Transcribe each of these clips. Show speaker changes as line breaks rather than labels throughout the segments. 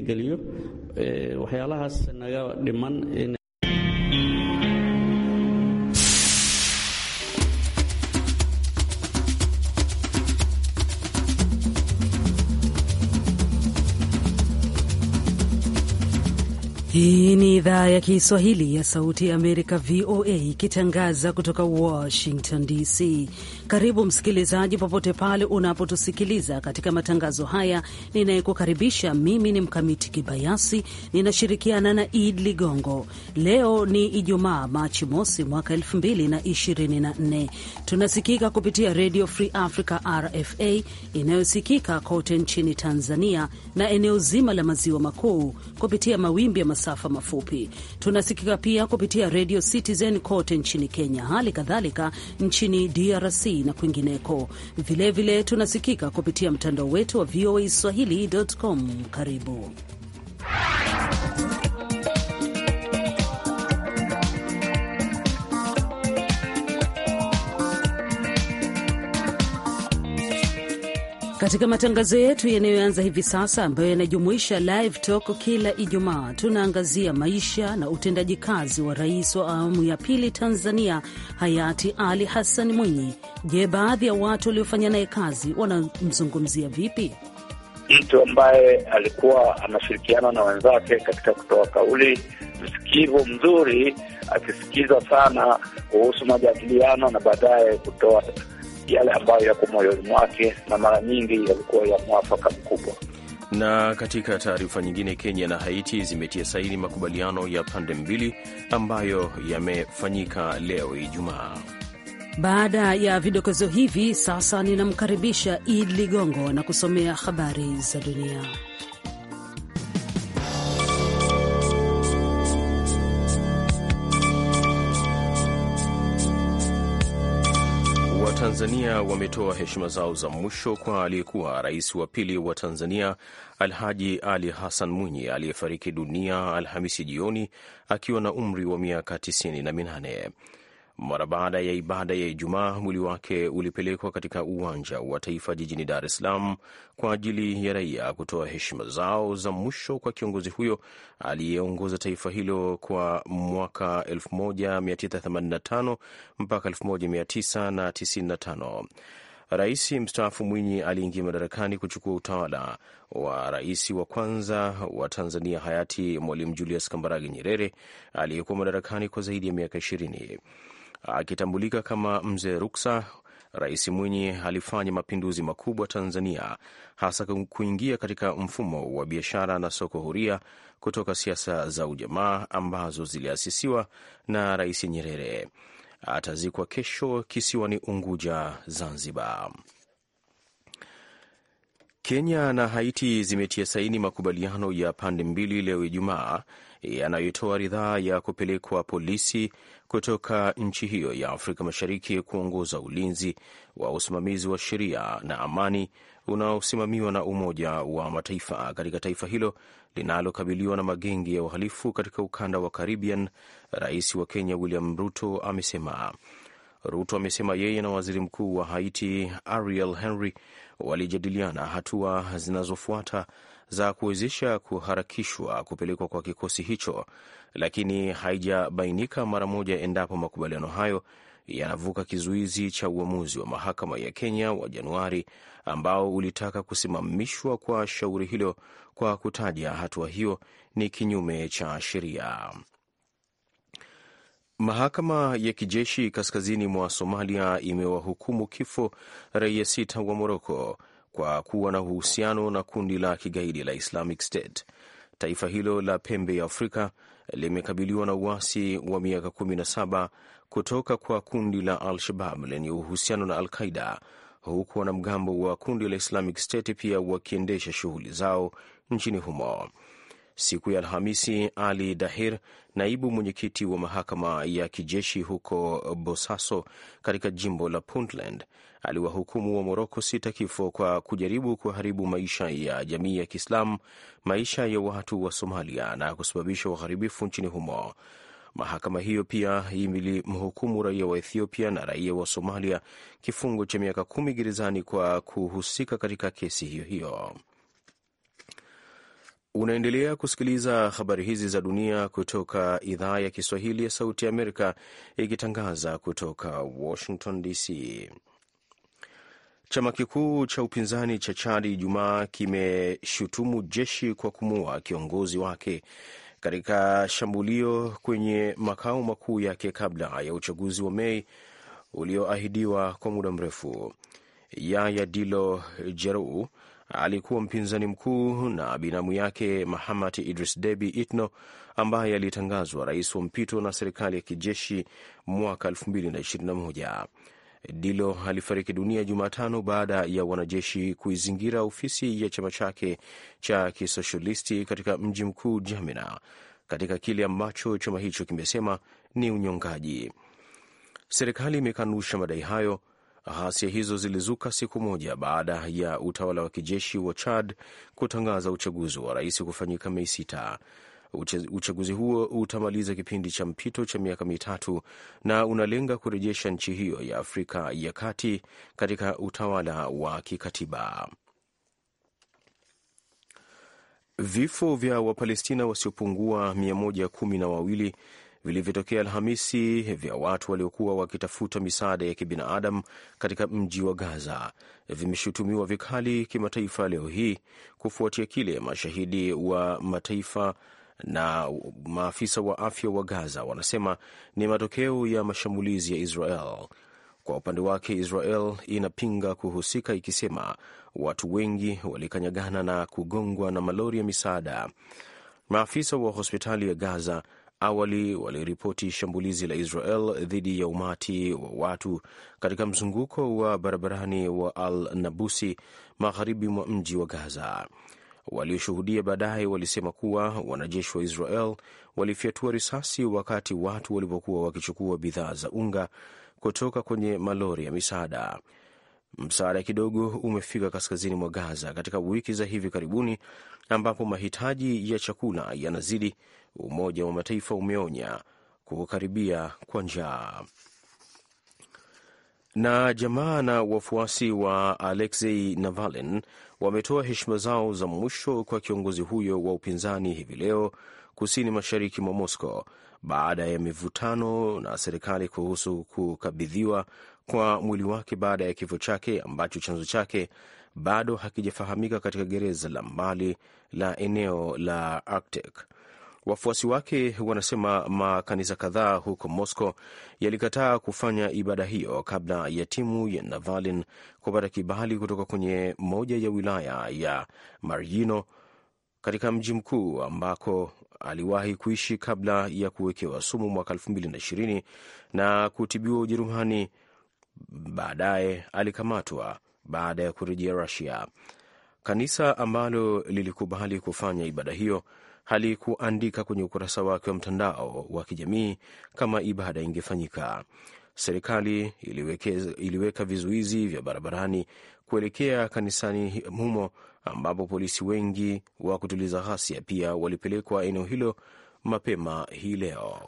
geliyo eh, waxyaalahaas naga dhiman in
Hii ni idhaa ya Kiswahili ya Sauti ya Amerika, VOA, ikitangaza kutoka Washington DC. Karibu msikilizaji, popote pale unapotusikiliza katika matangazo haya. Ninayekukaribisha mimi ni Mkamiti Kibayasi, ninashirikiana na Id Ligongo. Leo ni Ijumaa, Machi mosi mwaka 2024. Tunasikika kupitia Radio Free Africa, RFA, inayosikika kote nchini Tanzania na eneo zima la maziwa makuu kupitia mawimbi ya masafa mafupi. Tunasikika pia kupitia Radio Citizen kote nchini Kenya, hali kadhalika nchini DRC na kwingineko. Vilevile tunasikika kupitia mtandao wetu wa VOA swahili.com. Karibu Katika matangazo yetu yanayoanza hivi sasa ambayo yanajumuisha live talk kila Ijumaa, tunaangazia maisha na utendaji kazi wa rais wa awamu ya pili Tanzania hayati Ali Hassan Mwinyi. Je, baadhi ya watu waliofanya naye kazi wanamzungumzia vipi?
Mtu ambaye alikuwa anashirikiana na wenzake katika kutoa kauli, msikivu mzuri, akisikiza sana kuhusu majadiliano na baadaye kutoa yale ambayo yako
moyoni
mwake, na mara nyingi yalikuwa ya mwafaka mkubwa.
Na katika taarifa nyingine, Kenya na Haiti zimetia saini makubaliano ya pande mbili ambayo yamefanyika leo Ijumaa.
Baada ya vidokezo hivi, sasa ninamkaribisha Id Ligongo na kusomea habari za dunia.
Tanzania wametoa heshima zao za mwisho kwa aliyekuwa rais wa pili wa Tanzania Alhaji Ali Hassan Mwinyi aliyefariki dunia Alhamisi jioni akiwa na umri wa miaka tisini na minane. Mara baada ya ibada ya Ijumaa, mwili wake ulipelekwa katika uwanja wa taifa jijini Dar es Salaam kwa ajili ya raia kutoa heshima zao za mwisho kwa kiongozi huyo aliyeongoza taifa hilo kwa mwaka 1985 mpaka 1995. Rais mstaafu Mwinyi aliingia madarakani kuchukua utawala wa rais wa kwanza wa Tanzania hayati Mwalimu Julius Kambarage Nyerere aliyekuwa madarakani kwa zaidi ya miaka ishirini. Akitambulika kama mzee Ruksa, Rais Mwinyi alifanya mapinduzi makubwa Tanzania, hasa kuingia katika mfumo wa biashara na soko huria kutoka siasa za ujamaa ambazo ziliasisiwa na Rais Nyerere. Atazikwa kesho kisiwani Unguja, Zanzibar. Kenya na Haiti zimetia saini makubaliano ya pande mbili leo Ijumaa yanayotoa ridhaa ya kupelekwa polisi kutoka nchi hiyo ya Afrika Mashariki kuongoza ulinzi wa usimamizi wa sheria na amani unaosimamiwa na Umoja wa Mataifa katika taifa hilo linalokabiliwa na magenge ya uhalifu katika ukanda wa Caribbean. Rais wa Kenya William Ruto amesema Ruto amesema yeye na waziri mkuu wa Haiti Ariel Henry walijadiliana hatua zinazofuata za kuwezesha kuharakishwa kupelekwa kwa kikosi hicho, lakini haijabainika mara moja endapo makubaliano hayo yanavuka kizuizi cha uamuzi wa mahakama ya Kenya wa Januari ambao ulitaka kusimamishwa kwa shauri hilo kwa kutaja hatua hiyo ni kinyume cha sheria. Mahakama ya kijeshi kaskazini mwa Somalia imewahukumu kifo raia sita wa Moroko kwa kuwa na uhusiano na kundi la kigaidi la Islamic State. Taifa hilo la pembe ya Afrika limekabiliwa na uasi wa miaka 17 kutoka kwa kundi la Al-Shabab lenye uhusiano na Al-Qaida, huku wanamgambo wa kundi la Islamic State pia wakiendesha shughuli zao nchini humo. Siku ya Alhamisi, Ali Dahir, naibu mwenyekiti wa mahakama ya kijeshi huko Bosaso katika jimbo la Puntland, aliwahukumu wa Moroko sita kifo kwa kujaribu kuharibu maisha ya jamii ya Kiislamu, maisha ya watu wa Somalia na kusababisha uharibifu nchini humo. Mahakama hiyo pia ilimhukumu raia wa Ethiopia na raia wa Somalia kifungo cha miaka kumi gerezani kwa kuhusika katika kesi hiyo hiyo. Unaendelea kusikiliza habari hizi za dunia kutoka idhaa ya Kiswahili ya Sauti ya Amerika ikitangaza kutoka Washington DC. Chama kikuu cha upinzani cha Chadi Ijumaa kimeshutumu jeshi kwa kumua kiongozi wake katika shambulio kwenye makao makuu yake kabla ya uchaguzi wa Mei ulioahidiwa kwa muda mrefu. Yaya Dilo Jeruu alikuwa mpinzani mkuu na binamu yake Mahamat Idris debi Itno ambaye alitangazwa rais wa mpito na serikali ya kijeshi mwaka 2021. Dilo alifariki dunia Jumatano baada ya wanajeshi kuizingira ofisi ya chama chake cha kisoshalisti katika mji mkuu jamina katika kile ambacho chama hicho kimesema ni unyongaji. Serikali imekanusha madai hayo Ghasia hizo zilizuka siku moja baada ya utawala wa kijeshi wa Chad kutangaza uchaguzi wa rais kufanyika Mei sita. Uchaguzi huo utamaliza kipindi cha mpito cha miaka mitatu na unalenga kurejesha nchi hiyo ya Afrika ya kati katika utawala wa kikatiba. Vifo vya Wapalestina wasiopungua mia moja kumi na wawili vilivyotokea Alhamisi vya watu waliokuwa wakitafuta misaada ya kibinadamu katika mji wa Gaza vimeshutumiwa vikali kimataifa leo hii kufuatia kile mashahidi wa mataifa na maafisa wa afya wa Gaza wanasema ni matokeo ya mashambulizi ya Israel. Kwa upande wake, Israel inapinga kuhusika ikisema watu wengi walikanyagana na kugongwa na malori ya misaada. Maafisa wa hospitali ya Gaza awali waliripoti shambulizi la Israel dhidi ya umati wa watu katika mzunguko wa barabarani wa Al Nabusi magharibi mwa mji wa Gaza. Walioshuhudia baadaye walisema kuwa wanajeshi wa Israel walifyatua risasi wakati watu walipokuwa wakichukua bidhaa za unga kutoka kwenye malori ya misaada. Msaada kidogo umefika kaskazini mwa Gaza katika wiki za hivi karibuni, ambapo mahitaji ya chakula yanazidi Umoja wa Mataifa umeonya kukaribia kwa njaa. Na jamaa na wafuasi wa Alexei navalin wametoa heshima zao za mwisho kwa kiongozi huyo wa upinzani hivi leo kusini mashariki mwa Moscow baada ya mivutano na serikali kuhusu kukabidhiwa kwa mwili wake baada ya kifo chake ambacho chanzo chake bado hakijafahamika katika gereza la mbali la eneo la Arctic. Wafuasi wake wanasema makanisa kadhaa huko Moscow yalikataa kufanya ibada hiyo kabla ya timu ya navalin kupata kibali kutoka kwenye moja ya wilaya ya marino katika mji mkuu ambako aliwahi kuishi kabla ya kuwekewa sumu mwaka 2020 na kutibiwa Ujerumani. Baadaye alikamatwa baada ya kurejea Rusia. Kanisa ambalo lilikubali kufanya ibada hiyo halikuandika kwenye ukurasa wake wa mtandao wa kijamii kama ibada ingefanyika. Serikali iliweka vizuizi vya barabarani kuelekea kanisani humo ambapo polisi wengi wa kutuliza ghasia pia walipelekwa eneo hilo mapema hii leo.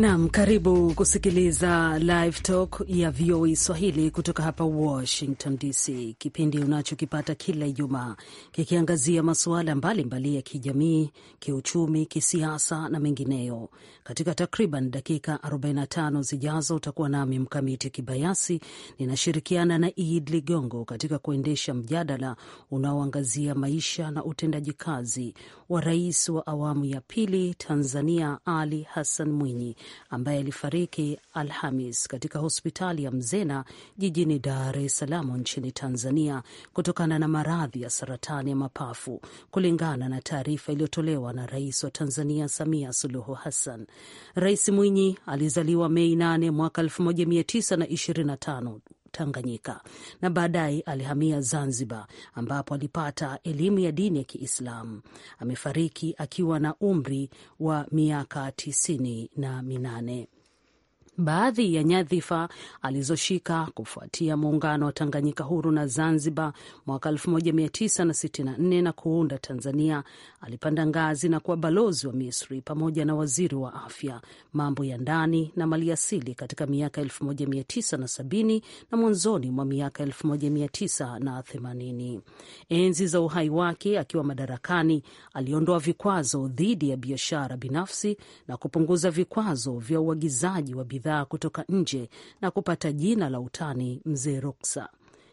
Nam, karibu kusikiliza Live Talk ya VOA e Swahili kutoka hapa Washington DC, kipindi unachokipata kila Ijumaa kikiangazia masuala mbalimbali ya kijamii, kiuchumi, kisiasa na mengineyo. Katika takriban dakika 45 zijazo utakuwa nami Mkamiti Kibayasi, ninashirikiana na Iid Ligongo katika kuendesha mjadala unaoangazia maisha na utendaji kazi wa rais wa awamu ya pili Tanzania, Ali Hassan Mwinyi ambaye alifariki Alhamis katika hospitali ya Mzena jijini Dar es Salaam nchini Tanzania kutokana na maradhi ya saratani ya mapafu, kulingana na taarifa iliyotolewa na Rais wa Tanzania Samia Suluhu Hassan. Rais Mwinyi alizaliwa Mei 8 mwaka 1925 Tanganyika na baadaye alihamia Zanzibar ambapo alipata elimu ya dini ya Kiislamu. Amefariki akiwa na umri wa miaka tisini na minane baadhi ya nyadhifa alizoshika kufuatia muungano wa Tanganyika huru na Zanzibar mwaka 1964 na kuunda Tanzania. Alipanda ngazi na kuwa balozi wa Misri pamoja na waziri wa afya, mambo ya ndani na maliasili katika miaka 1970 na mwanzoni mwa miaka 1980. Enzi za uhai wake akiwa madarakani, aliondoa vikwazo dhidi ya biashara binafsi na kupunguza vikwazo vya uagizaji wa bidhaa bidhaa kutoka nje na kupata jina la utani mzee Ruksa.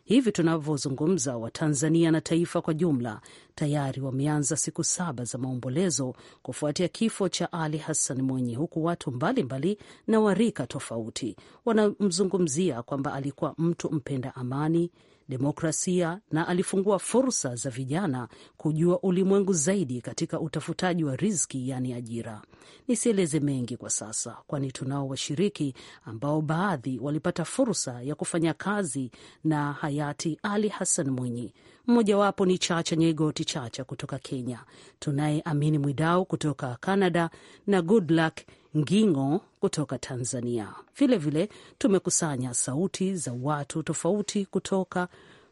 Hivi tunavyozungumza, Watanzania na taifa kwa jumla tayari wameanza siku saba za maombolezo kufuatia kifo cha Ali Hassan Mwinyi, huku watu mbalimbali mbali na warika tofauti wanamzungumzia kwamba alikuwa mtu mpenda amani, demokrasia na alifungua fursa za vijana kujua ulimwengu zaidi katika utafutaji wa riziki, yaani ajira. Nisieleze mengi kwa sasa, kwani tunao washiriki ambao baadhi walipata fursa ya kufanya kazi na hayati Ali Hassan Mwinyi Mmojawapo ni Chacha Nyegoti Chacha kutoka Kenya, tunaye Amini Mwidau kutoka Canada na Goodluck Ngingo kutoka Tanzania. Vilevile tumekusanya sauti za watu tofauti kutoka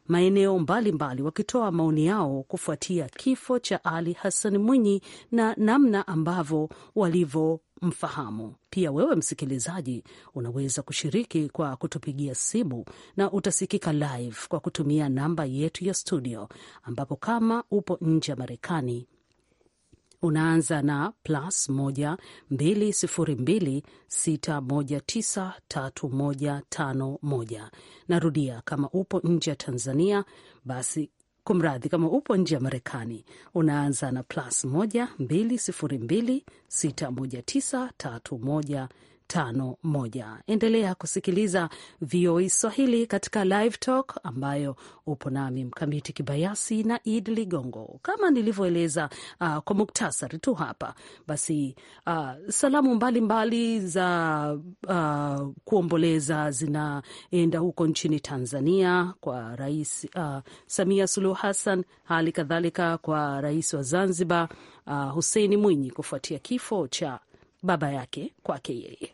maeneo mbalimbali wakitoa maoni yao kufuatia kifo cha Ali Hassan Mwinyi na namna ambavyo walivyomfahamu. Pia wewe msikilizaji, unaweza kushiriki kwa kutupigia simu na utasikika live kwa kutumia namba yetu ya studio, ambapo kama upo nje ya Marekani unaanza na plus tatu moja tano moja Narudia, kama upo nje ya Tanzania basi Kumradhi, kama upo nje ya Marekani unaanza na plus moja tisa tatu moja 51. Endelea kusikiliza VOA e Swahili katika Live Talk ambayo upo nami Mkamiti Kibayasi na Id Ligongo. Kama nilivyoeleza uh, kwa muktasari tu hapa basi, uh, salamu mbalimbali mbali za uh, kuomboleza zinaenda huko nchini Tanzania kwa Rais uh, Samia Suluhu Hassan, hali kadhalika kwa rais wa Zanzibar uh, Huseini Mwinyi kufuatia kifo cha baba yake kwake yeye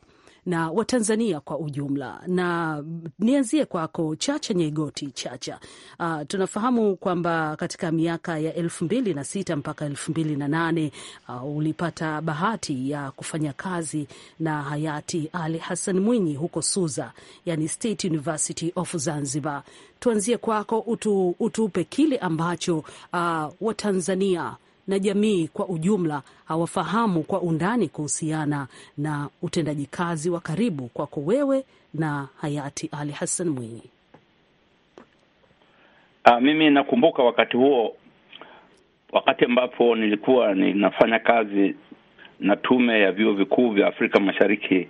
na Watanzania kwa ujumla. Na nianzie kwako Chacha nyegoti Chacha. Uh, tunafahamu kwamba katika miaka ya elfu mbili na sita mpaka elfu mbili na nane uh, ulipata bahati ya kufanya kazi na hayati Ali Hassan Mwinyi huko Suza, yani State University of Zanzibar. Tuanzie kwako utu, utupe kile ambacho uh, ah, Watanzania na jamii kwa ujumla hawafahamu kwa undani kuhusiana na utendaji kazi wa karibu kwako wewe na hayati Ali Hassan Mwinyi?
Uh, mimi nakumbuka wakati huo, wakati ambapo nilikuwa ninafanya kazi na tume ya vyuo vikuu vya Afrika Mashariki.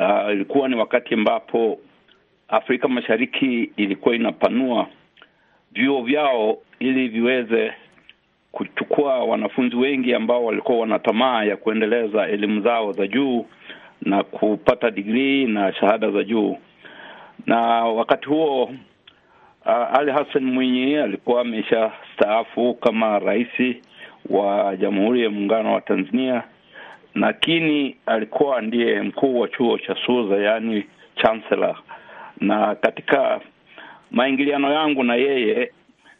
Uh, ilikuwa ni wakati ambapo Afrika Mashariki ilikuwa inapanua vyuo vyao ili viweze kuchukua wanafunzi wengi ambao walikuwa wana tamaa ya kuendeleza elimu zao za juu na kupata digrii na shahada za juu. Na wakati huo uh, Ali Hassan Mwinyi alikuwa staafu kama rais wa Jamhuri ya Muungano wa Tanzania, lakini alikuwa ndiye mkuu wa chuo cha SUZA, yaani chancellor. Na katika maingiliano yangu na yeye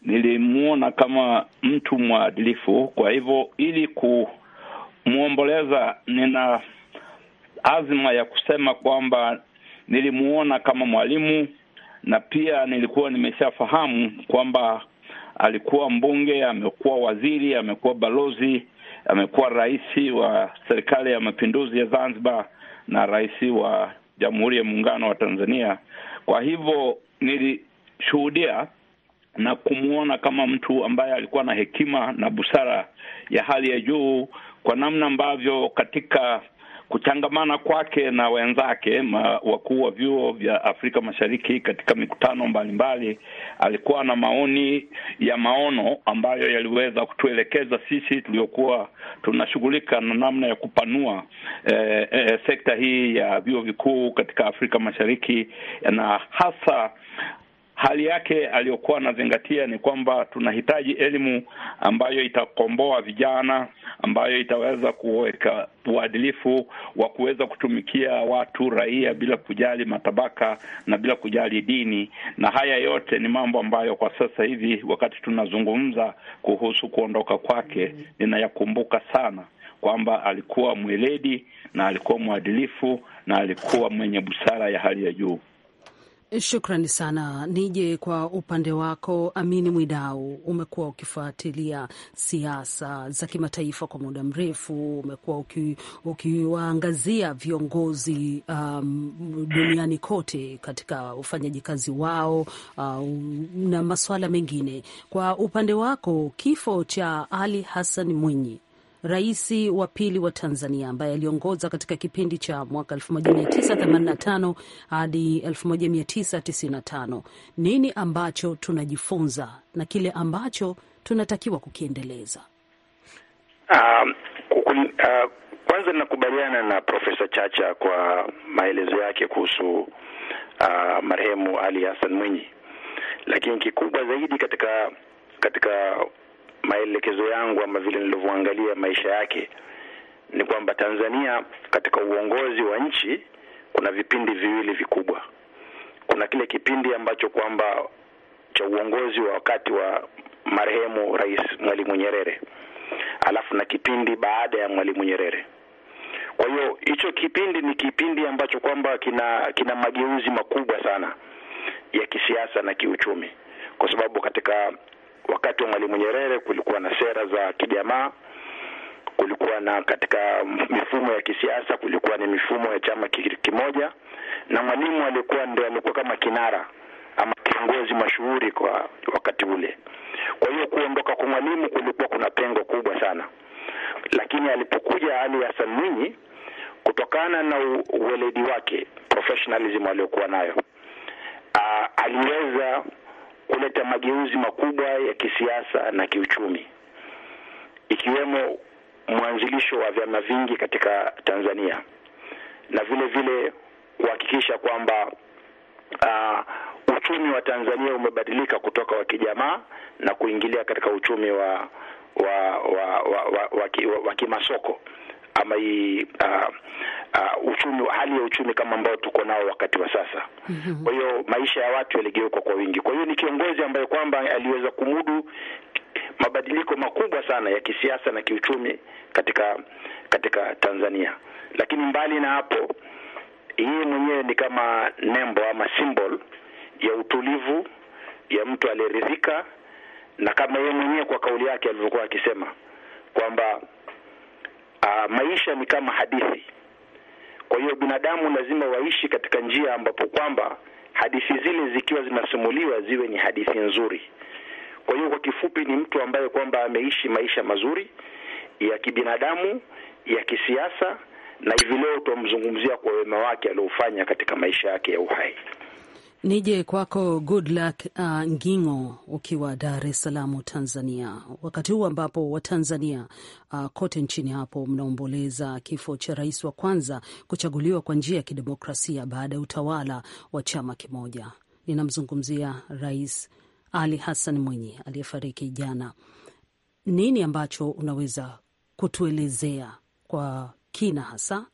nilimwona kama mtu mwadilifu. Kwa hivyo ili kumwomboleza, nina azma ya kusema kwamba nilimuona kama mwalimu na pia nilikuwa nimeshafahamu kwamba alikuwa mbunge, amekuwa waziri, amekuwa balozi, amekuwa rais wa serikali ya mapinduzi ya Zanzibar na rais wa Jamhuri ya Muungano wa Tanzania. Kwa hivyo nilishuhudia na kumwona kama mtu ambaye alikuwa na hekima na busara ya hali ya juu kwa namna ambavyo katika kuchangamana kwake na wenzake wakuu wa vyuo vya Afrika Mashariki katika mikutano mbalimbali mbali, alikuwa na maoni ya maono ambayo yaliweza kutuelekeza sisi tuliokuwa tunashughulika na namna ya kupanua eh, eh, sekta hii ya vyuo vikuu katika Afrika Mashariki na hasa hali yake aliyokuwa anazingatia ni kwamba tunahitaji elimu ambayo itakomboa vijana, ambayo itaweza kuweka uadilifu wa kuweza kutumikia watu raia bila kujali matabaka na bila kujali dini, na haya yote ni mambo ambayo kwa sasa hivi wakati tunazungumza kuhusu kuondoka kwake, ninayakumbuka sana kwamba alikuwa mweledi na alikuwa mwadilifu na alikuwa mwenye busara ya hali ya juu.
Shukrani sana. Nije kwa upande wako, Amini Mwidau, umekuwa ukifuatilia siasa za kimataifa kwa muda mrefu, umekuwa ukiwaangazia uki viongozi um, duniani kote katika ufanyaji kazi wao um, na masuala mengine. Kwa upande wako, kifo cha Ali Hassan Mwinyi rais wa pili wa Tanzania ambaye aliongoza katika kipindi cha mwaka 1985 hadi 1995. Nini ambacho tunajifunza na kile ambacho tunatakiwa kukiendeleza?
Um, kukun, uh, kwanza ninakubaliana na Profesa Chacha kwa maelezo yake kuhusu uh, marehemu Ali Hassan Mwinyi, lakini kikubwa zaidi katika katika maelekezo yangu ama vile nilivyoangalia maisha yake ni kwamba Tanzania katika uongozi wa nchi kuna vipindi viwili vikubwa. Kuna kile kipindi ambacho kwamba cha uongozi wa wakati wa marehemu Rais Mwalimu Nyerere, alafu na kipindi baada ya Mwalimu Nyerere. Kwa hiyo hicho kipindi ni kipindi ambacho kwamba kina kina mageuzi makubwa sana ya kisiasa na kiuchumi, kwa sababu katika Wakati wa Mwalimu Nyerere kulikuwa na sera za kijamaa, kulikuwa na katika mifumo ya kisiasa, kulikuwa ni mifumo ya chama kimoja, na Mwalimu alikuwa ndio alikuwa kama kinara ama kiongozi mashuhuri kwa wakati ule. Kwa hiyo kuondoka kwa Mwalimu kulikuwa kuna pengo kubwa sana, lakini alipokuja Ali Hassan Mwinyi, kutokana na uweledi wake, professionalism aliyokuwa nayo, aliweza kuleta mageuzi makubwa ya kisiasa na kiuchumi, ikiwemo mwanzilisho wa vyama vingi katika Tanzania na vile vile kuhakikisha kwamba uh, uchumi wa Tanzania umebadilika kutoka wa kijamaa na kuingilia katika uchumi wa wa wa, wa, wa, wa, wa, wa kimasoko ama hii uh, uh, uchumi, hali ya uchumi kama ambayo tuko nao wakati wa sasa. Mhm. Kwa hiyo maisha ya watu yaligeuka kwa wingi. Kwa hiyo ni kiongozi ambaye kwamba aliweza kumudu mabadiliko makubwa sana ya kisiasa na kiuchumi katika katika Tanzania. Lakini mbali na hapo, yeye mwenyewe ni kama nembo ama symbol ya utulivu ya mtu aliyeridhika, na kama yeye mwenyewe kwa kauli yake alivyokuwa akisema kwamba Aa, ah, maisha ni kama hadithi. Kwa hiyo binadamu lazima waishi katika njia ambapo kwamba hadithi zile zikiwa zinasimuliwa ziwe ni hadithi nzuri. Kwa hiyo kwa kifupi, ni mtu ambaye kwamba ameishi maisha mazuri ya kibinadamu, ya kisiasa na hivi leo tutamzungumzia kwa wema wake aliofanya katika maisha yake ya uhai.
Nije kwako Goodluck uh, Ngingo, ukiwa Dar es Salaam, Tanzania, wakati huu ambapo Watanzania uh, kote nchini hapo mnaomboleza kifo cha rais wa kwanza kuchaguliwa kwa njia ya kidemokrasia baada ya utawala wa chama kimoja. Ninamzungumzia Rais Ali Hassan Mwinyi aliyefariki jana. Nini ambacho unaweza kutuelezea kwa kina, hasa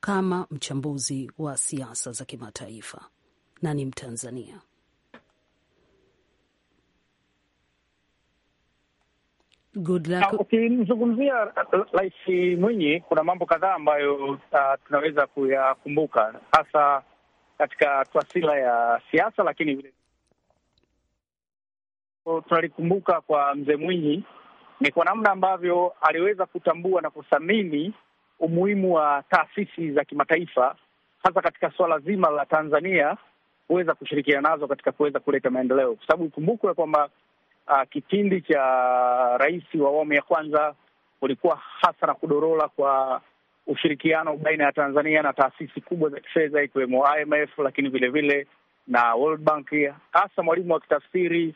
kama mchambuzi wa siasa za kimataifa? na ni Mtanzania. Ukimzungumzia
uh, Rais Mwinyi, kuna mambo kadhaa ambayo uh, tunaweza kuyakumbuka hasa katika taswira ya siasa, lakini vile tunalikumbuka kwa mzee Mwinyi ni kwa namna ambavyo aliweza kutambua na kuthamini umuhimu wa taasisi za kimataifa hasa katika suala zima la Tanzania kuweza kushirikiana nazo katika kuweza kuleta maendeleo, kwa sababu ikumbukwe kwamba uh, kipindi cha rais wa awamu ya kwanza kulikuwa hasa na kudorola kwa ushirikiano baina ya Tanzania na taasisi kubwa za kifedha ikiwemo IMF, lakini vilevile na World Bank, hasa Mwalimu akitafsiri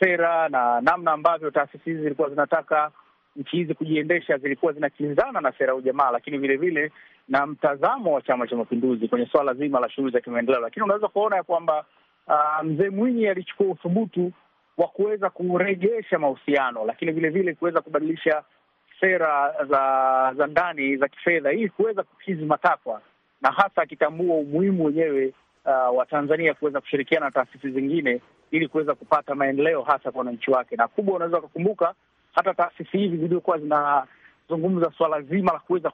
sera na namna ambavyo taasisi hizi zilikuwa zinataka nchi hizi kujiendesha, zilikuwa zinakinzana na sera ya ujamaa, lakini vilevile na mtazamo wa Chama cha Mapinduzi kwenye swala zima la shughuli za kimaendeleo, lakini unaweza kuona ya kwamba uh, mzee Mwinyi alichukua uthubutu wa kuweza kuregesha mahusiano, lakini vilevile kuweza kubadilisha sera za za ndani za kifedha ili kuweza kukizi matakwa na hasa akitambua umuhimu wenyewe uh, wa Tanzania kuweza kushirikiana na taasisi zingine ili kuweza kupata maendeleo hasa kwa wananchi wake. Na kubwa, unaweza ukakumbuka hata taasisi hizi zilizokuwa zina zungumza swala zima la kuweza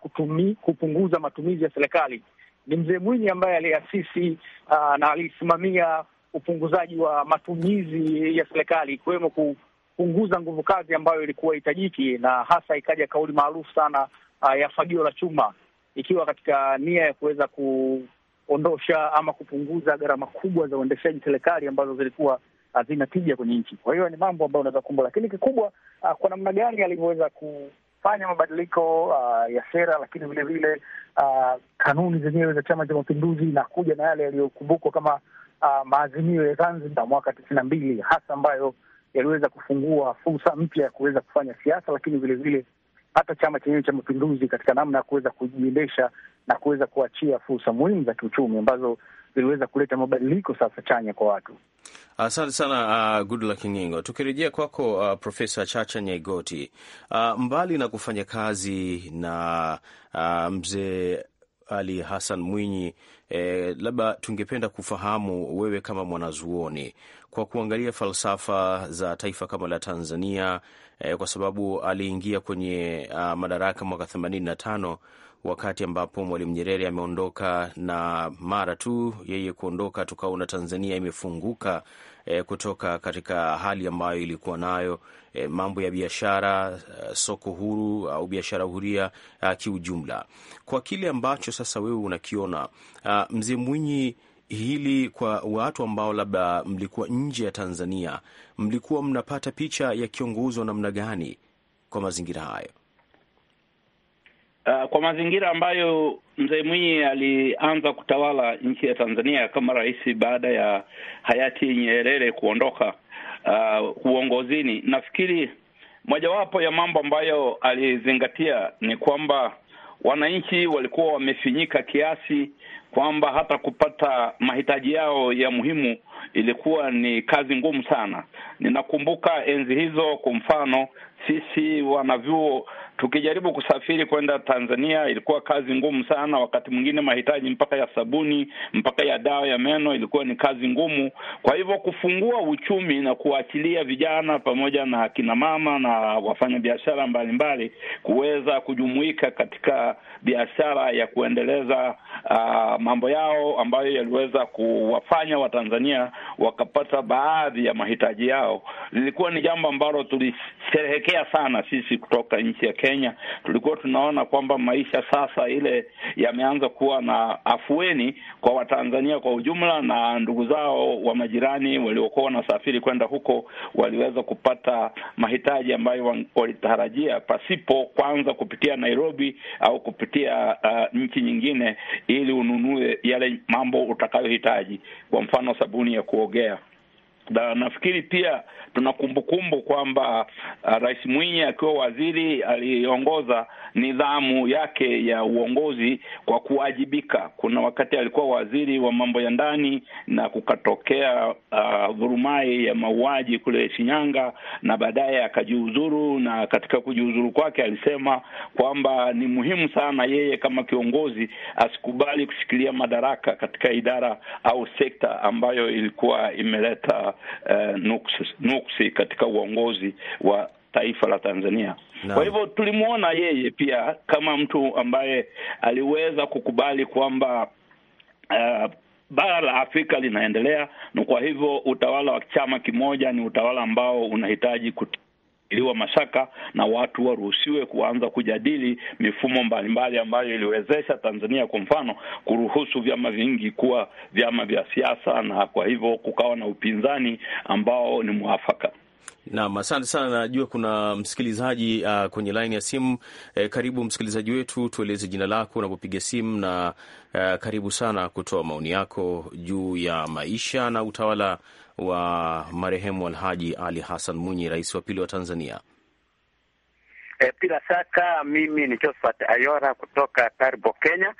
kupunguza matumizi ya serikali. Ni Mzee Mwinyi ambaye aliasisi uh, na alisimamia upunguzaji wa matumizi ya serikali ikiwemo kupunguza nguvu kazi ambayo ilikuwa hitajiki, na hasa ikaja kauli maarufu sana uh, ya fagio la chuma, ikiwa katika nia ya kuweza kuondosha ama kupunguza gharama kubwa za uendeshaji serikali ambazo zilikuwa hazina ah, tija kwenye nchi. Kwa hiyo ni mambo ambayo unaweza kukumbuka, lakini kikubwa uh, kwa namna gani alivyoweza ku fanya mabadiliko uh, ya sera, lakini vilevile uh, kanuni zenyewe za Chama cha Mapinduzi inakuja na yale yaliyokumbukwa kama uh, maazimio ya Zanzibar mwaka tisini na mbili hasa ambayo yaliweza kufungua fursa mpya ya kuweza kufanya siasa, lakini vilevile hata chama chenyewe cha mapinduzi katika namna ya kuweza kujiendesha na kuweza kuachia fursa muhimu za kiuchumi ambazo ziliweza kuleta mabadiliko sasa chanya kwa watu.
Asante sana uh, Goodluck Ngingo. Tukirejea kwako uh, Profesa Chacha Nyaigoti, uh, mbali na kufanya kazi na uh, mzee Ali Hassan Mwinyi, eh, labda tungependa kufahamu wewe kama mwanazuoni kwa kuangalia falsafa za taifa kama la Tanzania eh, kwa sababu aliingia kwenye uh, madaraka mwaka themanini na tano wakati ambapo Mwalimu Nyerere ameondoka, na mara tu yeye kuondoka, tukaona Tanzania imefunguka e, kutoka katika hali ambayo ilikuwa nayo e, mambo ya biashara, eh, soko huru au biashara huria kiujumla, kwa kile ambacho sasa wewe unakiona mzee Mwinyi hili kwa watu ambao labda mlikuwa nje ya Tanzania, mlikuwa mnapata picha ya kiongozi wa namna gani kwa mazingira hayo?
uh, kwa mazingira ambayo mzee Mwinyi alianza kutawala nchi ya Tanzania kama rais baada ya hayati Nyerere kuondoka uh, uongozini, nafikiri mojawapo ya mambo ambayo alizingatia ni kwamba wananchi walikuwa wamefinyika kiasi kwamba hata kupata mahitaji yao ya muhimu ilikuwa ni kazi ngumu sana. Ninakumbuka enzi hizo, kwa mfano sisi wanavyuo tukijaribu kusafiri kwenda Tanzania ilikuwa kazi ngumu sana. Wakati mwingine mahitaji mpaka ya sabuni mpaka ya dawa ya meno ilikuwa ni kazi ngumu. Kwa hivyo kufungua uchumi na kuachilia vijana pamoja na akina mama na wafanyabiashara mbalimbali kuweza kujumuika katika biashara ya kuendeleza uh, mambo yao ambayo yaliweza kuwafanya Watanzania wakapata baadhi ya mahitaji yao. Lilikuwa ni jambo ambalo tulisherehekea sana sisi kutoka nchi ya Kenya. Tulikuwa tunaona kwamba maisha sasa ile yameanza kuwa na afueni kwa Watanzania kwa ujumla, na ndugu zao wa majirani waliokuwa wanasafiri kwenda huko waliweza kupata mahitaji ambayo walitarajia pasipo kwanza kupitia Nairobi au kupitia uh, nchi nyingine ili ununue yale mambo utakayohitaji, kwa mfano sabuni guerra. na nafikiri pia tuna kumbukumbu kwamba uh, Rais Mwinyi akiwa waziri aliongoza nidhamu yake ya uongozi kwa kuwajibika. Kuna wakati alikuwa waziri wa mambo ya ndani na kukatokea dhurumai uh, ya mauaji kule Shinyanga, na baadaye akajiuzuru, na katika kujiuzuru kwake alisema kwamba ni muhimu sana yeye kama kiongozi asikubali kushikilia madaraka katika idara au sekta ambayo ilikuwa imeleta uh, eh, nuksi, nuksi katika uongozi wa taifa la Tanzania no. Kwa hivyo tulimwona yeye pia kama mtu ambaye aliweza kukubali kwamba uh, bara la Afrika linaendelea na kwa hivyo utawala wa chama kimoja ni utawala ambao unahitaji kuti iliwa mashaka na watu waruhusiwe kuanza kujadili mifumo mbalimbali ambayo iliwezesha Tanzania kwa mfano kuruhusu vyama vingi kuwa vyama vya siasa, na kwa hivyo kukawa na upinzani ambao ni mwafaka.
Naam, asante sana. Najua kuna msikilizaji uh, kwenye laini ya simu eh. Karibu msikilizaji wetu, tueleze jina lako unapopiga simu na uh, karibu sana kutoa maoni yako juu ya maisha na utawala wa marehemu Alhaji Ali Hassan Mwinyi, rais wa pili wa Tanzania.
E, bila shaka mimi ni Josephat Ayora kutoka Taribo, Kenya.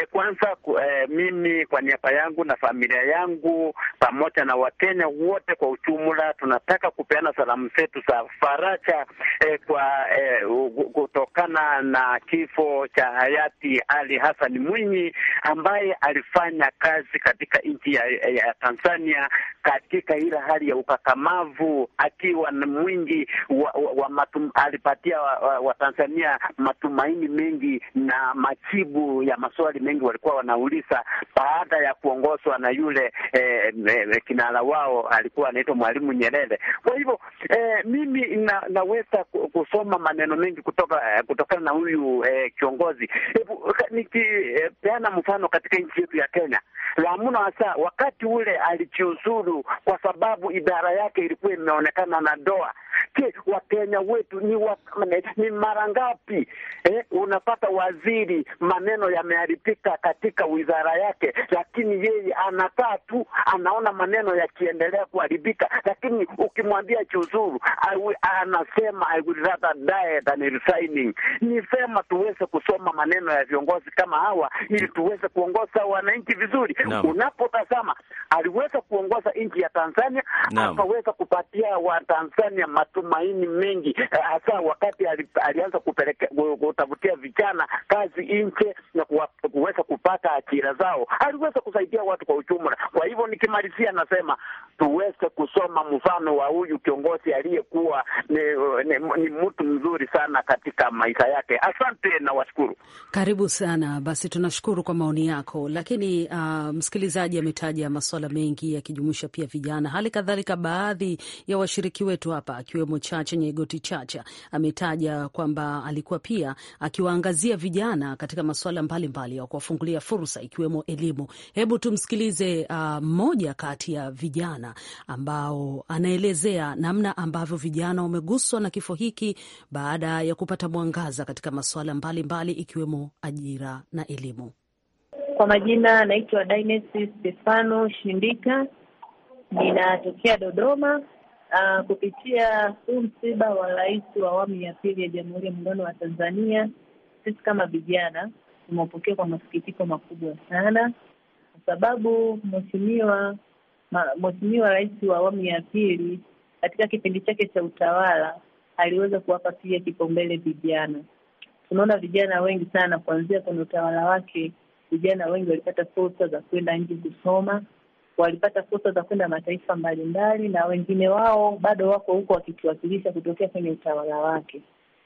E, kwanza e, mimi kwa niaba yangu na familia yangu pamoja na Wakenya wote kwa ujumla tunataka kupeana salamu zetu za faraja e, kwa e, kutokana na kifo cha hayati Ali Hassan Mwinyi ambaye alifanya kazi katika nchi ya, ya Tanzania katika ile hali ya ukakamavu akiwa na mwingi wa, wa, wa matum, alipatia Watanzania wa matumaini mengi na majibu ya maswali mengi walikuwa wanauliza baada ya kuongozwa na yule eh, eh, kinara wao alikuwa anaitwa Mwalimu Nyerere. Kwa hivyo eh, mimi na, naweza kusoma maneno mengi kutoka eh, kutokana na huyu eh, kiongozi. Hebu nikipeana eh, eh mfano katika nchi yetu ya Kenya, Lamuna hasa wakati ule alijiuzuru kwa sababu idara yake ilikuwa imeonekana na doa. Je, Wakenya wetu ni, wa, ni mara ngapi eh, unapata waziri maneno yameharibika katika katika wizara yake, lakini yeye anakaa tu, anaona maneno yakiendelea kuharibika. Lakini ukimwambia chuzuru, anasema I would rather die than resigning. Ni sema tuweze kusoma maneno ya viongozi kama hawa ili tuweze kuongoza wananchi vizuri. No. Unapotazama aliweza kuongoza nchi ya Tanzania no. Akaweza kupatia Watanzania matumaini mengi, eh, hasa wakati alianza kupeleke, kutafutia vijana kazi nje na kuwa, kuwa kuweza kupata ajira zao, aliweza kusaidia watu kwa ujumla. Kwa hivyo nikimalizia, nasema tuweze kusoma mfano wa huyu kiongozi aliyekuwa ni, ni, ni mtu mzuri sana katika maisha yake.
Asante na washukuru.
Karibu sana. Basi tunashukuru kwa maoni yako, lakini uh, msikilizaji ametaja masuala mengi yakijumuisha pia vijana, hali kadhalika baadhi ya washiriki wetu hapa akiwemo Chacha Nyegoti Chacha ametaja kwamba alikuwa pia akiwaangazia vijana katika masuala mbalimbali ya kuwafungulia fursa ikiwemo elimu. Hebu tumsikilize uh, mmoja uh, kati ya vijana ambao anaelezea namna ambavyo vijana wameguswa na kifo hiki baada ya kupata mwangaza katika masuala mbalimbali ikiwemo ajira na elimu. Kwa majina anaitwa
Dynasty Stefano Shindika,
ninatokea
Dodoma. Uh, kupitia huu msiba wa rais wa awamu ya pili ya Jamhuri ya Muungano wa Tanzania, sisi kama vijana tumewapokea kwa masikitiko makubwa sana, kwa sababu mheshimiwa mheshimiwa Rais wa awamu ya pili katika kipindi chake cha utawala aliweza kuwapa pia kipaumbele vijana. Tunaona vijana wengi sana, kuanzia kwenye utawala wake, vijana wengi walipata fursa za kwenda nje kusoma, walipata fursa za kwenda mataifa mbalimbali, na wengine wao bado wako huko wakituwakilisha kutokea kwenye utawala wake.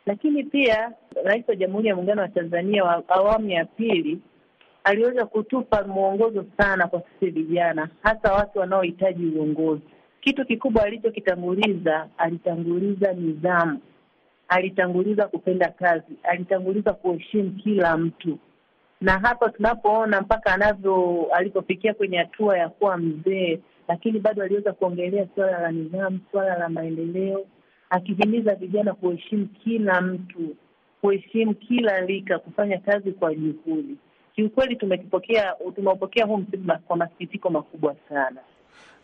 Lakini pia Rais wa Jamhuri ya Muungano wa Tanzania wa awamu ya pili aliweza kutupa mwongozo sana kwa sisi vijana, hasa watu wanaohitaji uongozi. Kitu kikubwa alichokitanguliza, alitanguliza nidhamu, alitanguliza kupenda kazi, alitanguliza kuheshimu kila mtu, na hapa tunapoona mpaka anavyo alipofikia kwenye hatua ya kuwa mzee, lakini bado aliweza kuongelea suala la nidhamu, suala la maendeleo akihimiza vijana kuheshimu kila mtu, kuheshimu kila rika, kufanya kazi kwa juhudi. Kiukweli tumekipokea, tumeupokea huu msiba kwa masikitiko makubwa sana.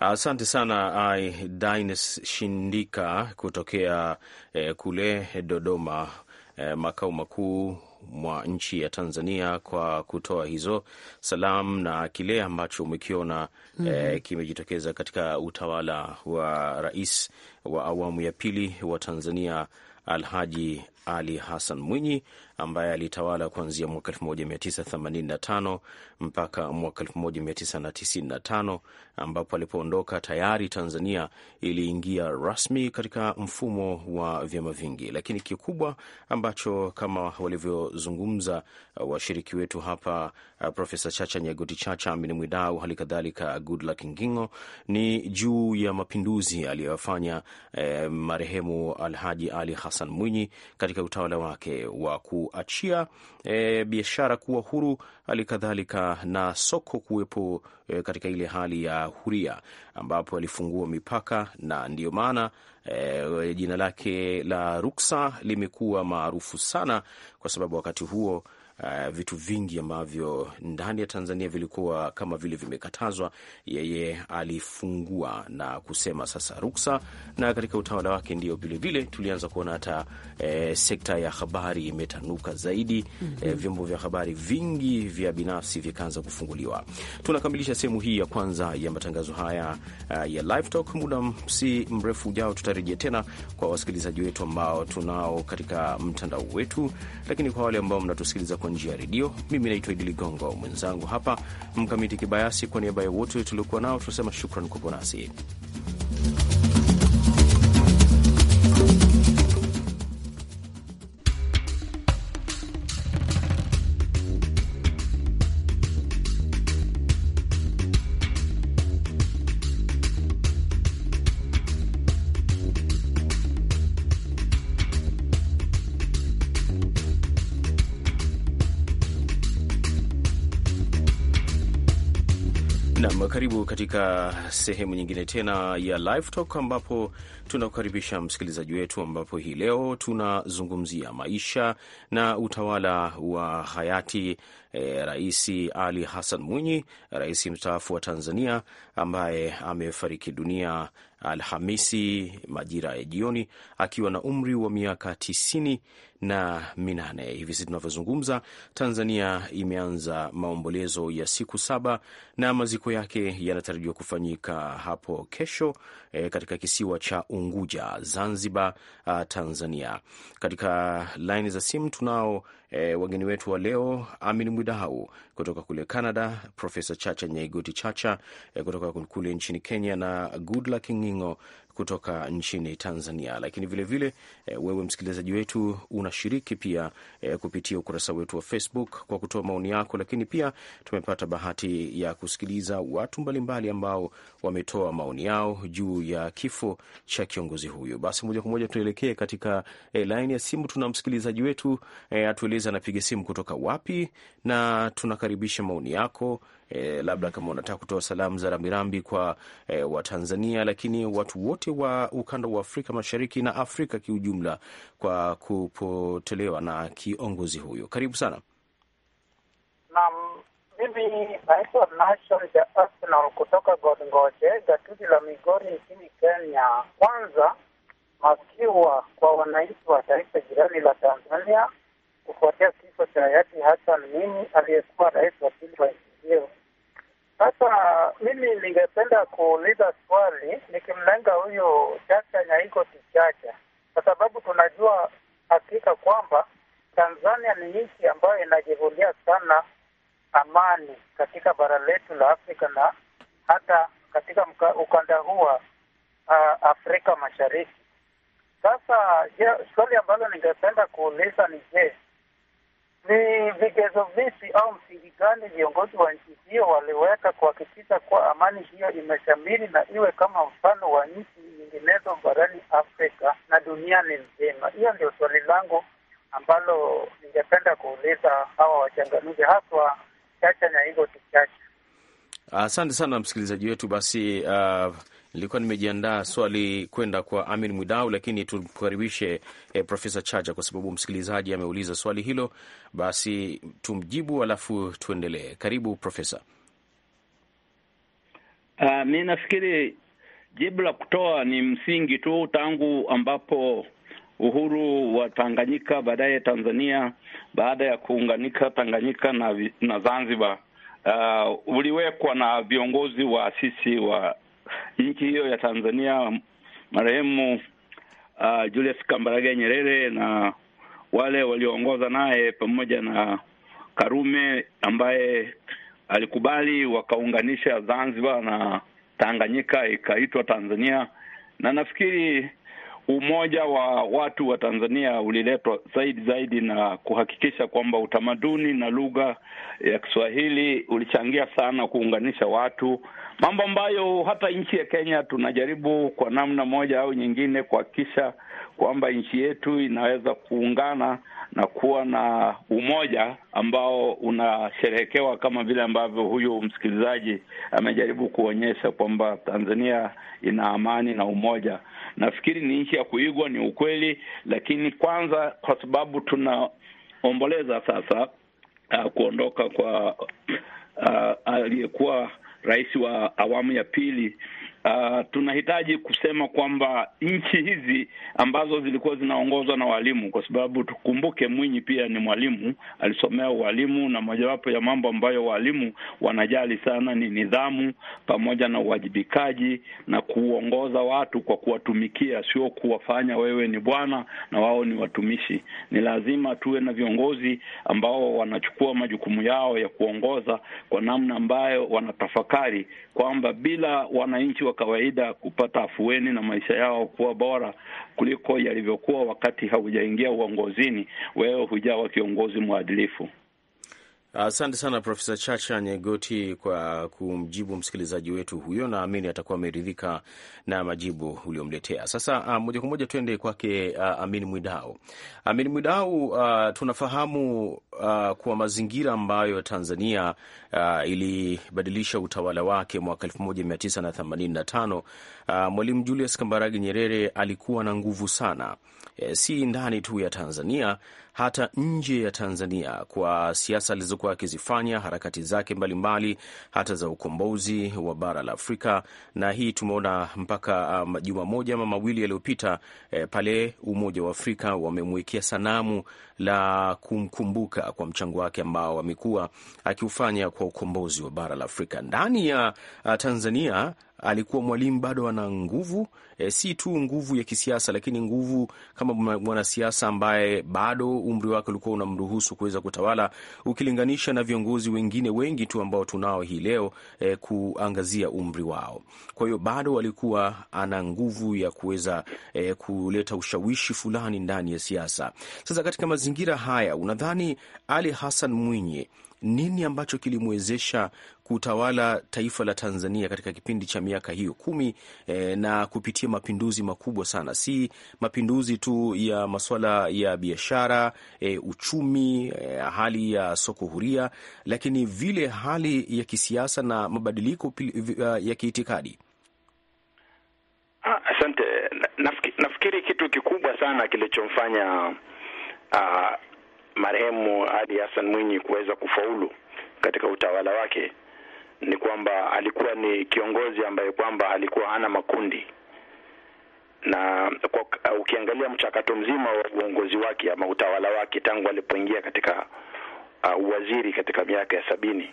Asante sana Dines Shindika kutokea eh, kule Dodoma, eh, makao makuu mwa nchi ya Tanzania kwa kutoa hizo salam na kile ambacho umekiona mm -hmm. eh, kimejitokeza katika utawala wa rais wa awamu ya pili wa Tanzania Alhaji ali Hassan Mwinyi ambaye alitawala kuanzia mwaka 1985 mpaka mwaka 1995 ambapo alipoondoka tayari Tanzania iliingia rasmi katika mfumo wa vyama vingi. Lakini kikubwa ambacho kama walivyozungumza uh, washiriki wetu hapa, uh, Profesa Chacha Nyagoti Chacha, Amin Mwidau, hali kadhalika uh, Goodluck Ngingo, ni juu ya mapinduzi aliyoyafanya eh, marehemu Alhaji Ali Hassan Mwinyi katika katika utawala wake wa kuachia e, biashara kuwa huru, hali kadhalika na soko kuwepo e, katika ile hali ya huria, ambapo alifungua mipaka na ndiyo maana e, jina lake la ruksa limekuwa maarufu sana, kwa sababu wakati huo uh, vitu vingi ambavyo ndani ya Tanzania vilikuwa kama vile vimekatazwa, yeye alifungua na kusema sasa ruksa, na katika utawala wake ndio vilevile tulianza kuona hata eh, sekta ya habari imetanuka zaidi mm -hmm. eh, vyombo vya habari vingi vya binafsi vikaanza kufunguliwa. Tunakamilisha sehemu hii ya kwanza ya matangazo haya uh, ya Live Talk. Muda si mrefu ujao tutarejea tena kwa wasikilizaji wetu ambao tunao katika mtandao wetu, lakini kwa wale ambao mnatusikiliza kwa njia ya redio. Mimi naitwa Idi Ligongo, mwenzangu hapa Mkamiti Kibayasi. Kwa niaba ya wote tuliokuwa nao, tunasema shukran kwa kuwa nasi. karibu katika sehemu nyingine tena ya Live Talk ambapo tunakukaribisha msikilizaji wetu, ambapo hii leo tunazungumzia maisha na utawala wa hayati eh, Rais Ali Hassan Mwinyi, rais mstaafu wa Tanzania ambaye amefariki dunia Alhamisi majira ya jioni akiwa na umri wa miaka tisini na minane. Hivi sisi tunavyozungumza, Tanzania imeanza maombolezo ya siku saba na maziko yake yanatarajiwa kufanyika hapo kesho e, katika kisiwa cha Unguja, Zanzibar, Tanzania. Katika laini za simu tunao e, wageni wetu wa leo Amin Mwidau kutoka kule Canada, Profesa Chacha Nyaigoti Chacha e, kutoka kule nchini Kenya na Goodluck Ngingo kutoka nchini Tanzania. Lakini vilevile vile, eh, wewe msikilizaji wetu unashiriki pia e, kupitia ukurasa wetu wa Facebook kwa kutoa maoni yako, lakini pia tumepata bahati ya kusikiliza watu mbalimbali ambao wametoa maoni yao juu ya kifo cha kiongozi huyo. Basi moja kwa moja tuelekee katika e, laini ya simu. Tuna msikilizaji wetu e, anapiga simu kutoka wapi, na tunakaribisha maoni yako e, labda kama unataka kutoa salamu za rambirambi kwa e, Watanzania, lakini watu wote wa ukanda wa Afrika Mashariki na Afrika kiujumla kwa kupotelewa na kiongozi huyo. Karibu sana.
Naam, mimi naitwa Nation the Arsenal kutoka Godngoje, gatuzi la Migori nchini Kenya. Kwanza makiwa kwa wananchi wa taifa jirani la Tanzania kufuatia kifo cha hayati Hassan Mwinyi aliyekuwa rais wa pili wa ndio. Sasa mimi ningependa kuuliza swali nikimlenga huyo Chacha Nyaiko Tichacha, kwa sababu tunajua hakika kwamba Tanzania ni nchi ambayo inajivunia sana amani katika bara letu la Afrika na hata katika ukanda huu wa uh, Afrika Mashariki. Sasa swali ambalo ningependa kuuliza ni je, ni vigezo vipi au msingi gani viongozi wa nchi hiyo waliweka kuhakikisha kuwa amani hiyo imeshamiri na iwe kama mfano wa nchi nyinginezo barani Afrika na duniani nzima? Hiyo ndio swali langu ambalo ningependa kuuliza hawa wachanganuzi, haswa Chacha Nyaigoti Chacha.
Asante uh, sana msikilizaji wetu. Basi uh, nilikuwa nimejiandaa swali kwenda kwa Amin Mwidau, lakini tumkaribishe eh, Profesa Chacha kwa sababu msikilizaji ameuliza swali hilo, basi tumjibu alafu tuendelee. Karibu Profesa.
Uh, mi nafikiri jibu la kutoa ni msingi tu, tangu ambapo uhuru wa Tanganyika baadaye Tanzania, baada ya kuunganika Tanganyika na, na Zanzibar uh, uliwekwa na viongozi wa asisi wa nchi hiyo ya Tanzania, marehemu uh, Julius Kambarage Nyerere na wale walioongoza naye pamoja na Karume ambaye alikubali wakaunganisha Zanzibar na Tanganyika ikaitwa Tanzania, na nafikiri umoja wa watu wa Tanzania uliletwa zaidi zaidi na kuhakikisha kwamba utamaduni na lugha ya Kiswahili ulichangia sana kuunganisha watu, mambo ambayo hata nchi ya Kenya tunajaribu kwa namna moja au nyingine kuhakikisha kwamba nchi yetu inaweza kuungana na kuwa na umoja ambao unasherehekewa kama vile ambavyo huyu msikilizaji amejaribu kuonyesha kwamba Tanzania ina amani na umoja. Nafikiri ni nchi ya kuigwa, ni ukweli, lakini kwanza, kwa sababu tunaomboleza sasa uh, kuondoka kwa uh, aliyekuwa rais wa awamu ya pili Uh, tunahitaji kusema kwamba nchi hizi ambazo zilikuwa zinaongozwa na walimu, kwa sababu tukumbuke Mwinyi pia ni mwalimu, alisomea ualimu, na mojawapo ya mambo ambayo walimu wanajali sana ni nidhamu pamoja na uwajibikaji na kuongoza watu kwa kuwatumikia, sio kuwafanya wewe ni bwana na wao ni watumishi. Ni lazima tuwe na viongozi ambao wanachukua majukumu yao ya kuongoza kwa namna ambayo wanatafakari kwamba bila wananchi wa kawaida kupata afueni na maisha yao kuwa bora kuliko yalivyokuwa wakati haujaingia uongozini, wewe hujawa kiongozi
mwadilifu. Asante uh, sana Profesa Chacha Nyegoti kwa kumjibu msikilizaji wetu huyo. Naamini atakuwa ameridhika na majibu uliomletea. Sasa uh, moja kwa moja tuende kwake uh, Amin Mwidau. Amin Mwidau, uh, tunafahamu uh, kwa mazingira ambayo Tanzania uh, ilibadilisha utawala wake mwaka tano uh, Mwalimu Julius Kambarage Nyerere alikuwa na nguvu sana, e, si ndani tu ya Tanzania hata nje ya Tanzania kwa siasa alizokuwa akizifanya, harakati zake mbalimbali mbali, hata za ukombozi wa bara la Afrika. Na hii tumeona mpaka juma um, moja ama mawili yaliyopita e, pale Umoja wa Afrika wamemwekea sanamu la kumkumbuka kwa mchango wake ambao amekuwa akiufanya kwa ukombozi wa bara la Afrika. Ndani ya uh, Tanzania alikuwa Mwalimu bado ana nguvu e, si tu nguvu ya kisiasa, lakini nguvu kama mwanasiasa ambaye bado umri wake ulikuwa unamruhusu kuweza kutawala, ukilinganisha na viongozi wengine wengi tu ambao tunao hii leo e, kuangazia umri wao. Kwa hiyo bado alikuwa ana nguvu ya kuweza e, kuleta ushawishi fulani ndani ya siasa. Sasa katika mazingira haya, unadhani Ali Hassan Mwinyi nini ambacho kilimwezesha kutawala taifa la Tanzania katika kipindi cha miaka hiyo kumi e, na kupitia mapinduzi makubwa sana, si mapinduzi tu ya masuala ya biashara e, uchumi e, hali ya soko huria, lakini vile hali ya kisiasa na mabadiliko ya kiitikadi.
Ah, asante. Nafikiri kitu kikubwa sana kilichomfanya uh, marehemu ali Hassan Mwinyi kuweza kufaulu katika utawala wake ni kwamba alikuwa ni kiongozi ambaye kwamba alikuwa hana makundi na kwa, uh, ukiangalia mchakato mzima wa uongozi wake ama utawala wake tangu alipoingia katika uh, uwaziri katika miaka ya sabini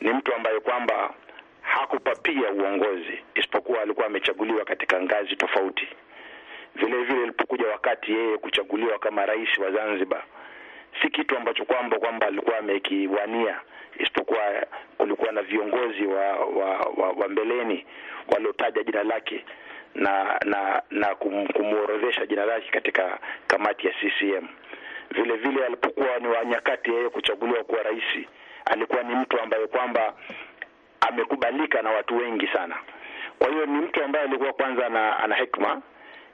ni mtu ambaye kwamba hakupapia uongozi isipokuwa alikuwa amechaguliwa katika ngazi tofauti. Vile vile ilipokuja wakati yeye kuchaguliwa kama rais wa Zanzibar, si kitu ambacho kwamba kwamba alikuwa amekiwania, isipokuwa kulikuwa na viongozi wa, wa, wa, wa mbeleni waliotaja jina lake na na na kumworodhesha jina lake katika kamati ya CCM. Vile vile alipokuwa ni wa nyakati yeye kuchaguliwa kuwa rais, alikuwa ni mtu ambaye kwamba amekubalika na watu wengi sana. Kwa hiyo ni mtu ambaye alikuwa kwanza na, ana hekima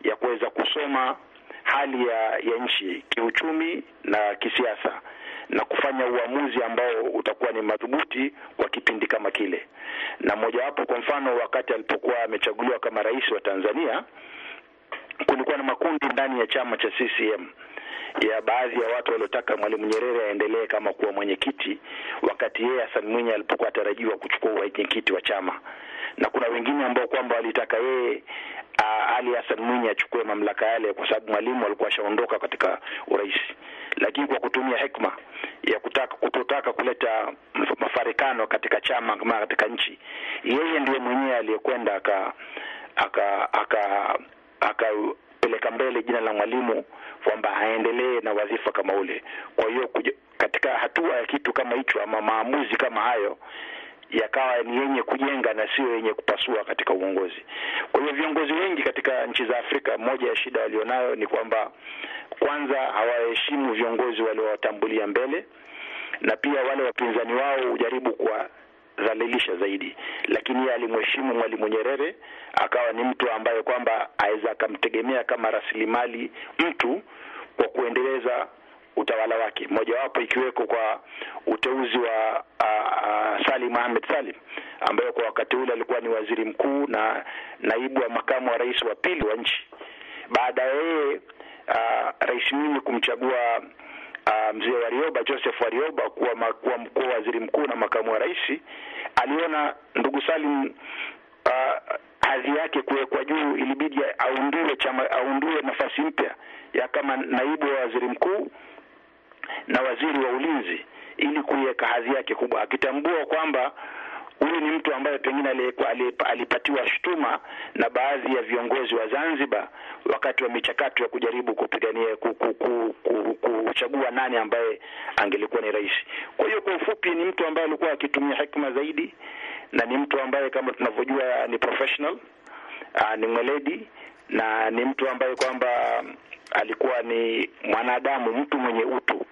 ya kuweza kusoma hali ya, ya nchi kiuchumi na kisiasa na kufanya uamuzi ambao utakuwa ni madhubuti kwa kipindi kama kile. Na mmojawapo, kwa mfano, wakati alipokuwa amechaguliwa kama rais wa Tanzania, kulikuwa na makundi ndani ya chama cha CCM ya baadhi ya watu waliotaka Mwalimu Nyerere aendelee kama kuwa mwenyekiti, wakati yeye Hassan Mwinyi alipokuwa atarajiwa kuchukua uwenyekiti wa chama na kuna wengine ambao kwamba walitaka yeye Ali Hassan Mwinyi achukue mamlaka yale, kwa sababu Mwalimu alikuwa ashaondoka katika urais, lakini kwa kutumia hekima ya kutaka kutotaka kuleta mafarikano katika chama katika nchi, yeye ndiye mwenyewe aliyekwenda aka aka aka akapeleka mbele jina la Mwalimu kwamba aendelee na wadhifa kama ule. Kwa hiyo katika hatua ya kitu kama hicho ama maamuzi kama hayo yakawa ni yenye kujenga na siyo yenye kupasua katika uongozi. Kwa hiyo viongozi wengi katika nchi za Afrika, moja ya shida walionayo ni kwamba kwanza hawaheshimu viongozi waliowatambulia mbele, na pia wale wapinzani wao hujaribu kwa dhalilisha zaidi, lakini yeye alimheshimu Mwalimu Nyerere, akawa ni mtu ambaye kwamba aweza akamtegemea kama rasilimali mtu kwa kuendeleza utawala wake, mojawapo ikiweko kwa uteuzi wa a, Salim Ahmed Salim ambaye kwa wakati ule alikuwa ni waziri mkuu na naibu wa makamu wa rais wa pili wa nchi, baada ya yeye rais Mwinyi kumchagua mzee Warioba Joseph Warioba kuwa kuwa mkuu waziri mkuu na makamu wa rais, aliona ndugu Salim hadhi yake kuwekwa juu, ilibidi aundue chama aundue nafasi mpya ya kama naibu wa waziri mkuu na waziri wa ulinzi ili kuiweka hadhi yake kubwa, akitambua kwamba huyu ni mtu ambaye pengine alipatiwa shutuma na baadhi ya viongozi wa Zanzibar wakati wa michakato ya kujaribu kupigania kuchagua nani ambaye angelikuwa ni rais. Kwa hiyo kwa ufupi, ni mtu ambaye alikuwa akitumia hekima zaidi na ni mtu ambaye kama tunavyojua ni professional, ah, ni mweledi na ni mtu ambaye kwamba alikuwa ni mwanadamu, mtu mwenye utu.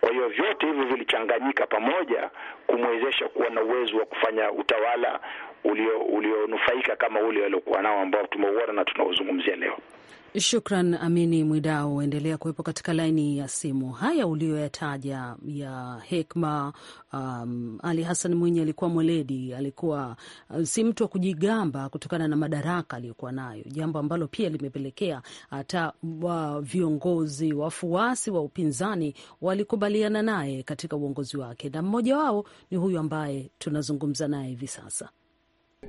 Kwa hiyo vyote hivyo vilichanganyika pamoja kumwezesha kuwa na uwezo wa kufanya utawala ulionufaika ulio kama ule aliokuwa nao ambao tumeuona na tunaozungumzia leo.
Shukran Amini Mwidau, endelea kuwepo katika laini ya simu. Haya uliyoyataja ya hekma, um, Ali Hassan Mwinyi alikuwa mweledi, alikuwa uh, si mtu wa kujigamba kutokana na madaraka aliyokuwa nayo, jambo ambalo pia limepelekea hata wa viongozi wafuasi wa upinzani walikubaliana naye katika uongozi wake, na mmoja wao ni huyu ambaye tunazungumza naye hivi sasa.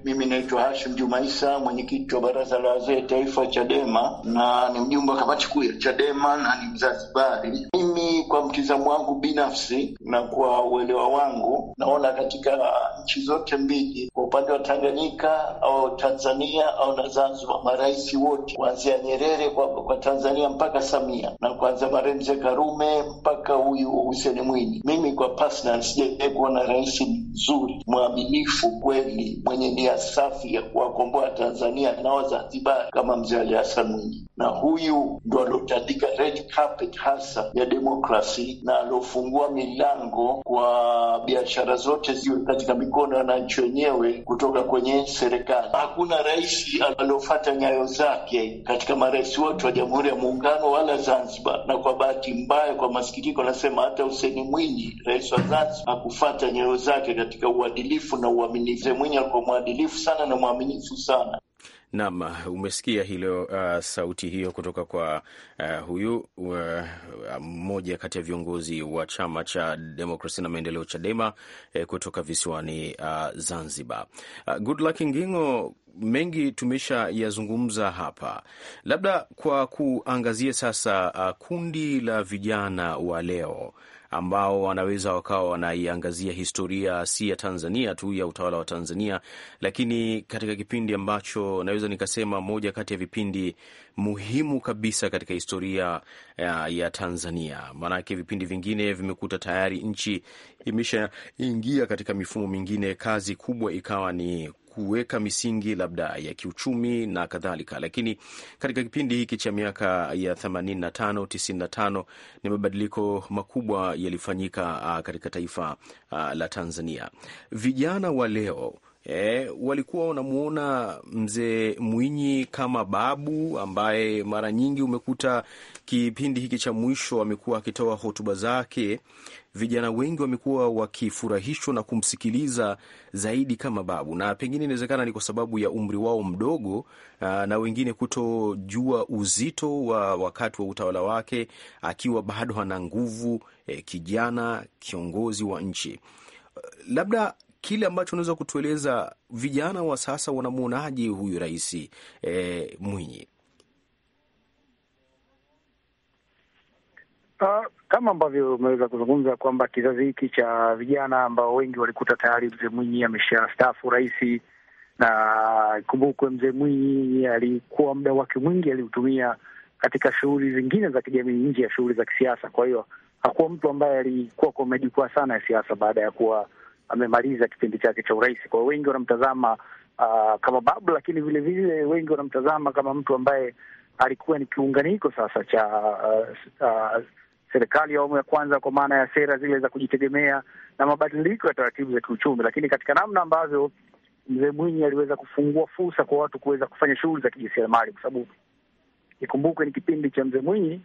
Mimi naitwa Hashim Jumaisa, mwenyekiti wa baraza la wazee taifa Chadema na ni mjumbe wa kamati kuu ya Chadema na ni Mzanzibari. Mimi kwa mtizamo wangu binafsi na kwa uelewa wangu, naona katika nchi zote mbili, kwa upande wa Tanganyika au Tanzania au na Zanzibar, marais wote kuanzia Nyerere kwa, kwa Tanzania mpaka Samia na kuanzia marehemu Mzee Karume mpaka huyu Hussein Mwinyi, mimi kwa personal sijawahi kuona rais mzuri, mwaminifu kweli, mwenye nia safi ya kuwakomboa Tanzania na Wazanzibar kama mzee Ali Hassan Mwinyi, na huyu ndo aliotandika red carpet hasa ya demokrasi na aliofungua milango kwa biashara zote ziwe katika mikono ya wananchi wenyewe kutoka kwenye serikali. Hakuna rais aliofata nyayo zake katika marais wote wa Jamhuri ya Muungano wala Zanzibar, na kwa bahati mbaya, kwa masikitiko, anasema hata huseni Mwinyi, rais wa Zanzibar, hakufata nyayo zake katika uadilifu na uaminifu. Mwinyi alikuwa mwadilifu mwadilifu sana na mwaminifu sana.
Naam, umesikia hilo uh, sauti hiyo kutoka kwa uh, huyu uh, mmoja uh, kati ya viongozi wa chama cha demokrasia na maendeleo Chadema eh, kutoka visiwani uh, Zanzibar. Uh, Goodluck Ngingo, mengi tumesha yazungumza hapa, labda kwa kuangazia sasa uh, kundi la vijana wa leo ambao wanaweza wakawa wanaiangazia historia si ya Tanzania tu ya utawala wa Tanzania, lakini katika kipindi ambacho naweza nikasema moja kati ya vipindi muhimu kabisa katika historia ya Tanzania, maanake vipindi vingine vimekuta tayari nchi imeshaingia katika mifumo mingine, kazi kubwa ikawa ni kuweka misingi labda ya kiuchumi na kadhalika, lakini katika kipindi hiki cha miaka ya 85 95 ni mabadiliko makubwa yalifanyika ah, katika taifa ah, la Tanzania. Vijana wa leo E, walikuwa wanamwona mzee Mwinyi kama babu ambaye mara nyingi umekuta kipindi hiki cha mwisho amekuwa akitoa hotuba zake vijana wengi wamekuwa wakifurahishwa na kumsikiliza zaidi kama babu, na pengine inawezekana ni kwa sababu ya umri wao mdogo ah, na wengine kutojua uzito wa wakati wa utawala wake akiwa bado ana nguvu eh, kijana kiongozi wa nchi. Labda kile ambacho unaweza kutueleza, vijana wa sasa wanamwonaje huyu rais e, Mwinyi? Uh, kama ambavyo umeweza
kuzungumza kwamba kizazi hiki cha vijana ambao wengi walikuta tayari mzee Mwinyi stafu rahisi na ikumbukwe mzee Mwinyi alikuwa muda wake mwingi aliutumia katika shughuli zingine za kijamii nje ya shughuli za kisiasa. Kwa hiyo hakuwa mtu ambaye alikuwa kwa majukwaa sana ya siasa baada ya kuwa amemaliza kipindi chake cha urais. Kwa hiyo wengi wanamtazama uh, kama babu, lakini vilevile wengi wanamtazama kama mtu ambaye alikuwa ni kiunganiko sasa cha uh, uh, serikali ya awamu ya kwanza kwa maana ya sera zile za kujitegemea na mabadiliko ya taratibu za kiuchumi, lakini katika namna ambavyo mzee Mwinyi aliweza kufungua fursa kwa watu kuweza kufanya shughuli za kijasiriamali, kwa sababu ikumbukwe ni kipindi cha mzee Mwinyi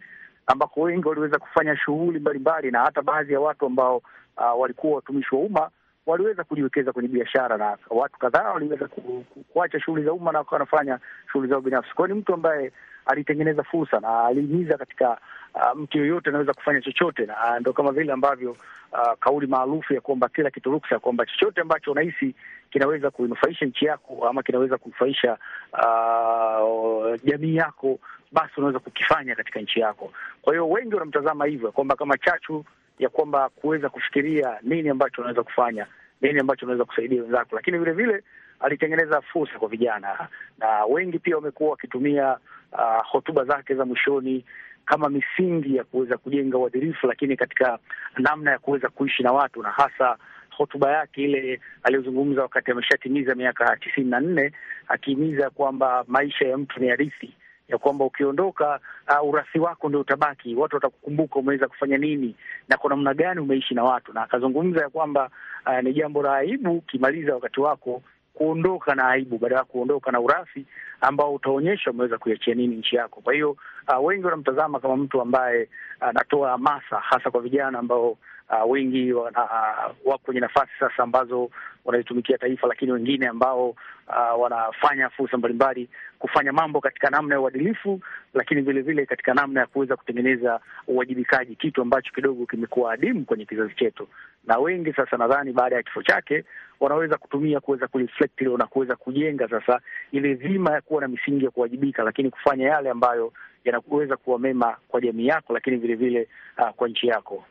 ambako wengi waliweza kufanya shughuli mbalimbali na hata baadhi ya watu ambao uh, walikuwa watumishi wa umma waliweza kujiwekeza kwenye biashara na watu kadhaa waliweza ku, ku, kuacha shughuli za umma na wanafanya shughuli zao binafsi. kwao ni mtu ambaye alitengeneza fursa na alihimiza katika uh, mtu yoyote anaweza kufanya chochote, na uh, ndo kama vile ambavyo uh, kauli maarufu ya kwamba kila kitu ruksa, kwamba chochote ambacho unahisi kinaweza kuinufaisha nchi yako ama kinaweza kunufaisha uh, jamii yako, basi unaweza kukifanya katika nchi yako. Kwa hiyo wengi wanamtazama hivyo kwamba kama chachu ya kwamba kuweza kufikiria nini ambacho unaweza kufanya nini ambacho unaweza kusaidia wenzako, lakini vile vile alitengeneza fursa kwa vijana, na wengi pia wamekuwa wakitumia uh, hotuba zake za mwishoni kama misingi ya kuweza kujenga uadilifu, lakini katika namna ya kuweza kuishi na watu, na hasa hotuba yake ile aliyozungumza wakati ameshatimiza miaka tisini na nne akihimiza kwamba maisha ya mtu ni harithi ya kwamba ukiondoka, uh, urathi wako ndio utabaki. Watu watakukumbuka umeweza kufanya nini na kwa namna gani umeishi na watu, na akazungumza ya kwamba uh, ni jambo la aibu ukimaliza wakati wako kuondoka na aibu, badala ya kuondoka na urafi ambao utaonyesha umeweza kuiachia nini nchi yako. Kwa hiyo uh, wengi wanamtazama kama mtu ambaye anatoa uh, hamasa hasa kwa vijana ambao uh, wengi wana, uh, wako kwenye nafasi sasa ambazo wanaitumikia taifa, lakini wengine ambao uh, wanafanya fursa mbalimbali kufanya mambo katika namna ya uadilifu, lakini vilevile vile katika namna ya kuweza kutengeneza uwajibikaji, kitu ambacho kidogo kimekuwa adimu kwenye kizazi chetu, na wengi sasa nadhani baada ya kifo chake wanaweza kutumia kuweza kureflect hilo na kuweza kujenga sasa ile dhima ya kuwa na misingi ya kuwajibika, lakini kufanya yale ambayo yanaweza kuwa mema kwa jamii yako, lakini vilevile vile, uh, kwa nchi yako.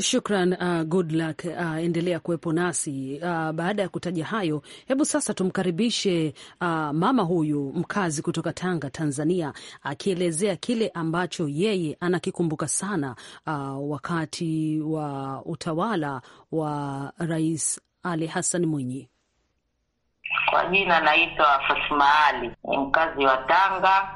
Shukran uh, good luck uh, endelea kuwepo nasi uh. Baada ya kutaja hayo, hebu sasa tumkaribishe uh, mama huyu mkazi kutoka Tanga, Tanzania, akielezea uh, kile ambacho yeye anakikumbuka sana uh, wakati wa utawala wa Rais Ali Hassan Mwinyi.
Kwa jina naitwa Fatuma Ali, ni mkazi wa Tanga.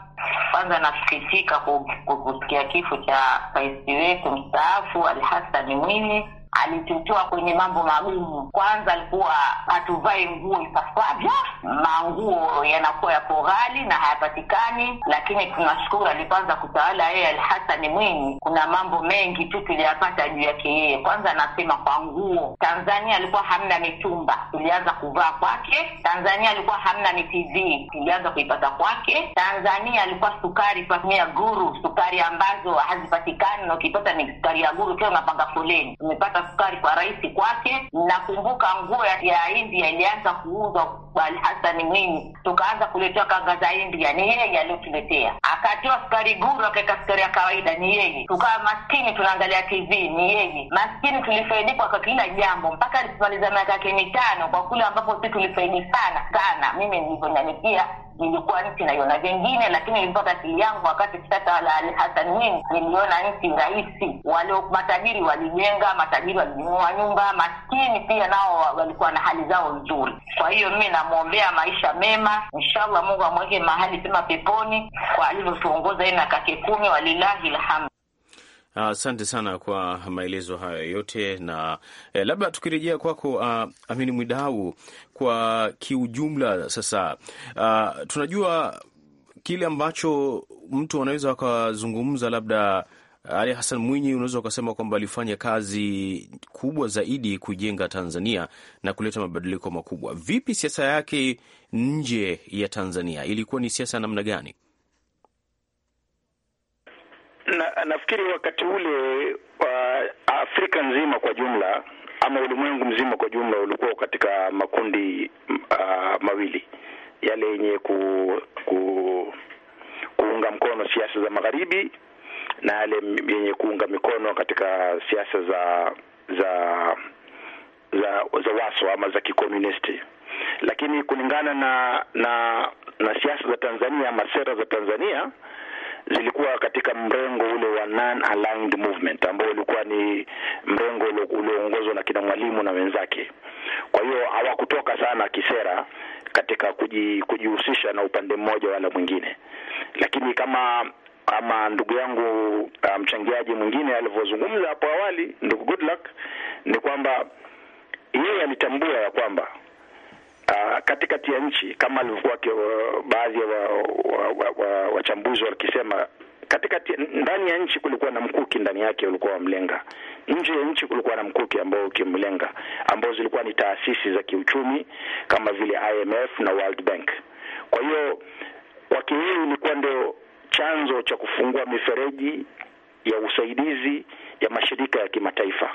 Kwanza nasikitika kusikia kifo cha rais wetu mstaafu Ali Hassan Mwinyi alitutoa kwenye mambo magumu. Kwanza alikuwa hatuvae nguo ipasavyo, manguo yanakuwa yapo ghali na hayapatikani, lakini tunashukuru alipoanza kutawala yeye Alhasani Mwinyi, kuna mambo mengi tu tuliyapata juu yake yeye. Kwanza anasema kwa nguo, Tanzania alikuwa hamna mitumba, tulianza kuvaa kwake. Tanzania alikuwa hamna mitv, tulianza kuipata kwake. Tanzania alikuwa sukari patumia guru, sukari ambazo hazipatikani na ukipata ni sukari ya guru, tena unapanga foleni. Tumepata kupata sukari kwa rahisi kwake. Nakumbuka nguo ya India ilianza kuuzwa Alhasani Mwinyi, tukaanza kuletewa kanga za India, ni yeye aliyotuletea. Akatiwa sukari guru, akaweka sukari ya kawaida, ni yeye. Tukawa maskini tunaangalia TV, ni yeye. Maskini tulifaidikwa kwa kila jambo, mpaka alipomaliza miaka yake mitano, kwa kule ambapo si tulifaidi sana sana, mimi nilivyonyamikia nilikuwa nchi naiona vingine, lakini ilipata akili yangu wakati kishatawala Ali Hassan Mwinyi, niliona nchi rahisi. Wale matajiri walijenga, matajiri walinunua nyumba, maskini pia nao walikuwa na hali zao nzuri. Kwa hiyo mimi namwombea maisha mema, inshallah Mungu amweke mahali pema peponi kwa alivyotuongoza yeye na kake kumi, walilahi lhamdu.
Asante uh, sana kwa maelezo hayo yote na eh, labda tukirejea kwako, uh, Amini Mwidau, kwa kiujumla sasa, uh, tunajua kile ambacho mtu anaweza akazungumza labda uh, ali Hassan Mwinyi, unaweza ukasema kwamba alifanya kazi kubwa zaidi kuijenga Tanzania na kuleta mabadiliko makubwa. Vipi siasa yake nje ya Tanzania ilikuwa ni siasa ya namna gani?
Na, nafikiri wakati ule wa uh, Afrika nzima kwa jumla ama ulimwengu mzima kwa jumla ulikuwa katika makundi uh, mawili yale yenye ku, ku kuunga mkono siasa za magharibi na yale yenye kuunga mikono katika siasa za za za za waso ama za kikomunisti, lakini kulingana na na na siasa za Tanzania ama sera za Tanzania zilikuwa katika mrengo ule wa non-aligned movement ambao ulikuwa ni mrengo ulioongozwa na kina Mwalimu na wenzake. Kwa hiyo hawakutoka sana kisera katika kujihusisha na upande mmoja wala mwingine, lakini kama kama ndugu yangu uh, mchangiaji um, mwingine alivyozungumza hapo awali, ndugu Goodluck, ni kwamba yeye alitambua ya kwamba uh, katikati ya nchi kama alivyokuwa uh, baadhi ya wachambuzi wa, wa, wa, wakisema katikati ndani ya nchi kulikuwa na mkuki ndani yake ulikuwa wamlenga. Nje ya nchi kulikuwa na mkuki ambao ukimlenga, ambao zilikuwa ni taasisi za kiuchumi kama vile IMF na World Bank. Kwa hiyo kwake hii ilikuwa ndio chanzo cha kufungua mifereji ya usaidizi ya mashirika ya kimataifa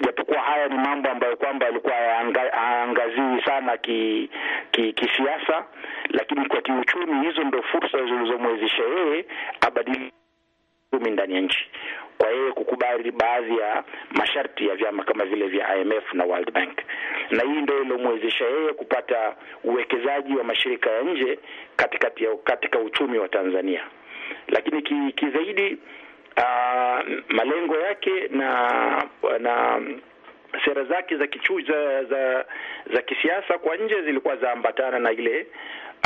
japokuwa haya ni mambo ambayo kwamba yalikuwa hayaangaziwi sana ki, ki, kisiasa, lakini kwa kiuchumi hizo ndo fursa zilizomwezesha yeye abadili uchumi ndani ya nchi kwa yeye kukubali baadhi ya masharti ya vyama kama vile vya IMF na World Bank, na hii ndio ilomwezesha yeye kupata uwekezaji wa mashirika ya nje katika, katika uchumi wa Tanzania. Lakini kizaidi ki uh, malengo yake na na sera zake za kichu za, za, za kisiasa kwa nje zilikuwa zaambatana na ile